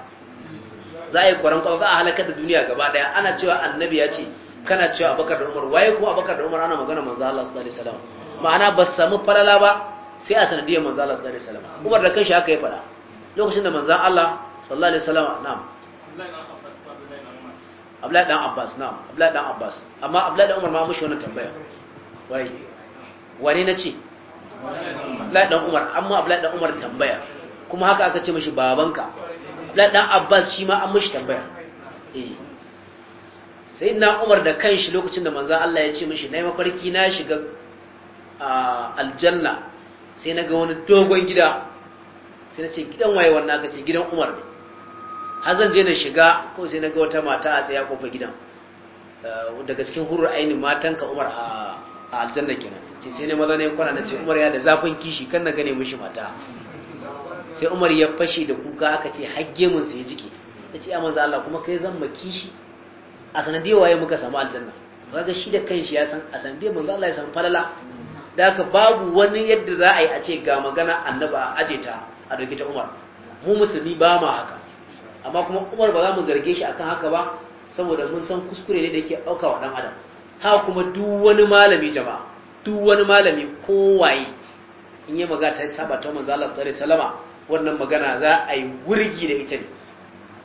Speaker 1: za a yi kwaron kwaza za a halaka da duniya gaba daya ana cewa annabi ya ce kana cewa bakar da umar waye kuma bakar da umar ana magana manzan Allah sallallahu alaihi wasallam ma'ana ba su samu falala ba sai a sanadiyar manzan Allah sallallahu alaihi wasallam umar da kanshi haka ya faɗa lokacin da manzan Allah sallallahu alaihi wasallam
Speaker 2: na'am
Speaker 1: abdullahi dan abbas na abdullahi dan abbas amma abdullahi dan umar ma mushi wannan tambaya wai wane na ce abdullahi dan umar amma abdullahi dan umar tambaya kuma haka aka ce mishi babanka abdullahi dan abbas shi ma an mushi tambaya eh sayyidina umar da kanshi lokacin da manzon Allah ya ce mishi nayi mafarki na shiga aljanna sai na ga wani dogon gida sai na ce gidan waye wannan aka ce gidan umar ne har zan je na shiga ko sai na ga wata mata a tsaye a kofa gidan eh, daga cikin hurur aini matan ka umar a aljanna kenan ce sai ne maza ne kwana na ce umar ya da zafin kishi kan na gane mishi mata sai umar ya fashe da kuka aka ce hagge mun sai jike ya ce ya maza Allah kuma kai zan ma kishi a sanadiyar waye muka samu aljanna ga shi da kanshi ya san a sanadiyar manzo Allah ya san falala da aka babu wani yadda za a yi a ce ga magana annaba a aje ta a dauki ta umar mu musulmi ba ma haka amma kuma umar ba za mu zarge shi akan haka ba saboda mun san kuskure ne da yake auka wa dan adam ha kuma duk wani malami jama'a duk wani malami kowaye in yi magana ta saba ta manzo Allah sallallahu alaihi wasallama wannan magana za a yi wurgi da ita ne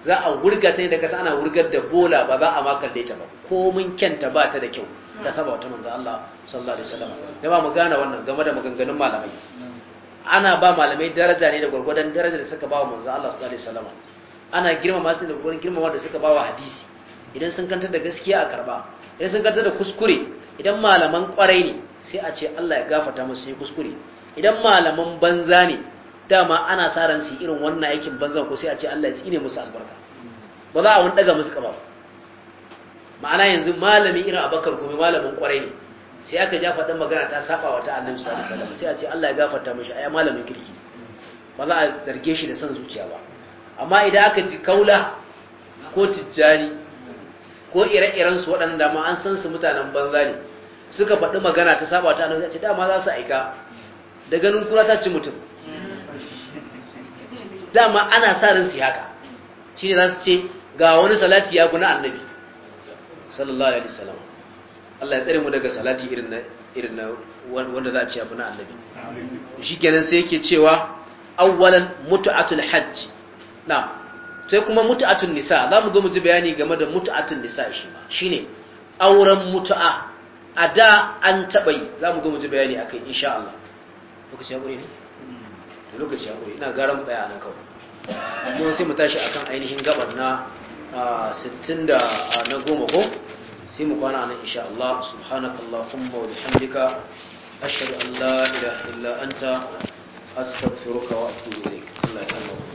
Speaker 1: za a wurga ta ne da kasa ana wurgar da bola ba za a ma kalle ta ba mun kyanta ba ta da kyau da saba ta manzo Allah sallallahu alaihi wasallama da ba mu gane wannan game da maganganun malamai ana ba malamai daraja ne da gwargwadon daraja da suka ba wa manzo Allah sallallahu alaihi wasallama ana girmama su da gurin girmama da suka bawa hadisi idan sun kantar da gaskiya a karba idan sun kantar da kuskure idan malaman kwarai ne sai a ce Allah ya gafarta musu sai kuskure idan malaman banza ne dama ana sa ran su irin wannan aikin banza ko sai a ce Allah ya tsine musu albarka ba za a wani daga musu kaba ma'ana yanzu malami irin abakar gome malamin kwarai ne sai aka ja faɗin magana ta saba wa ta annabi sallallahu alaihi wasallam sai a ce Allah ya gafarta mishi aya malamin kirki ba za a zarge shi da san zuciya ba amma idan aka ji kaula ko tijjani ko ire-iren su waɗanda ma an san su mutanen banza ne suka faɗi magana ta saba ta annabi ce dama za su aika da ganin kula ta ci mutum dama ana sa ran haka shi ne za su ce ga wani salati ya guna annabi sallallahu alaihi wasallam Allah ya tsare mu daga salati irin irin na wanda za a ce ya fi na annabi shi kenan sai yake cewa awwalan mutu'atul hajj na sai kuma mutu'atun nisa za mu zo mu ji bayani game da mutu'atun nisa shi ma shine auren mutu'a a da an taɓa yi za mu zo mu ji bayani a kai insha Allah lokaci ya ne? Hmm. lokaci ya ina tsaya nan kawai sai mu tashi akan ainihin gabar na 60 da na goma ko sai mu kwana nan insha Allah subhanakallahumma wa bihamdika ashhadu an la ilaha illa anta astaghfiruka wa atubu ilayk Allah ya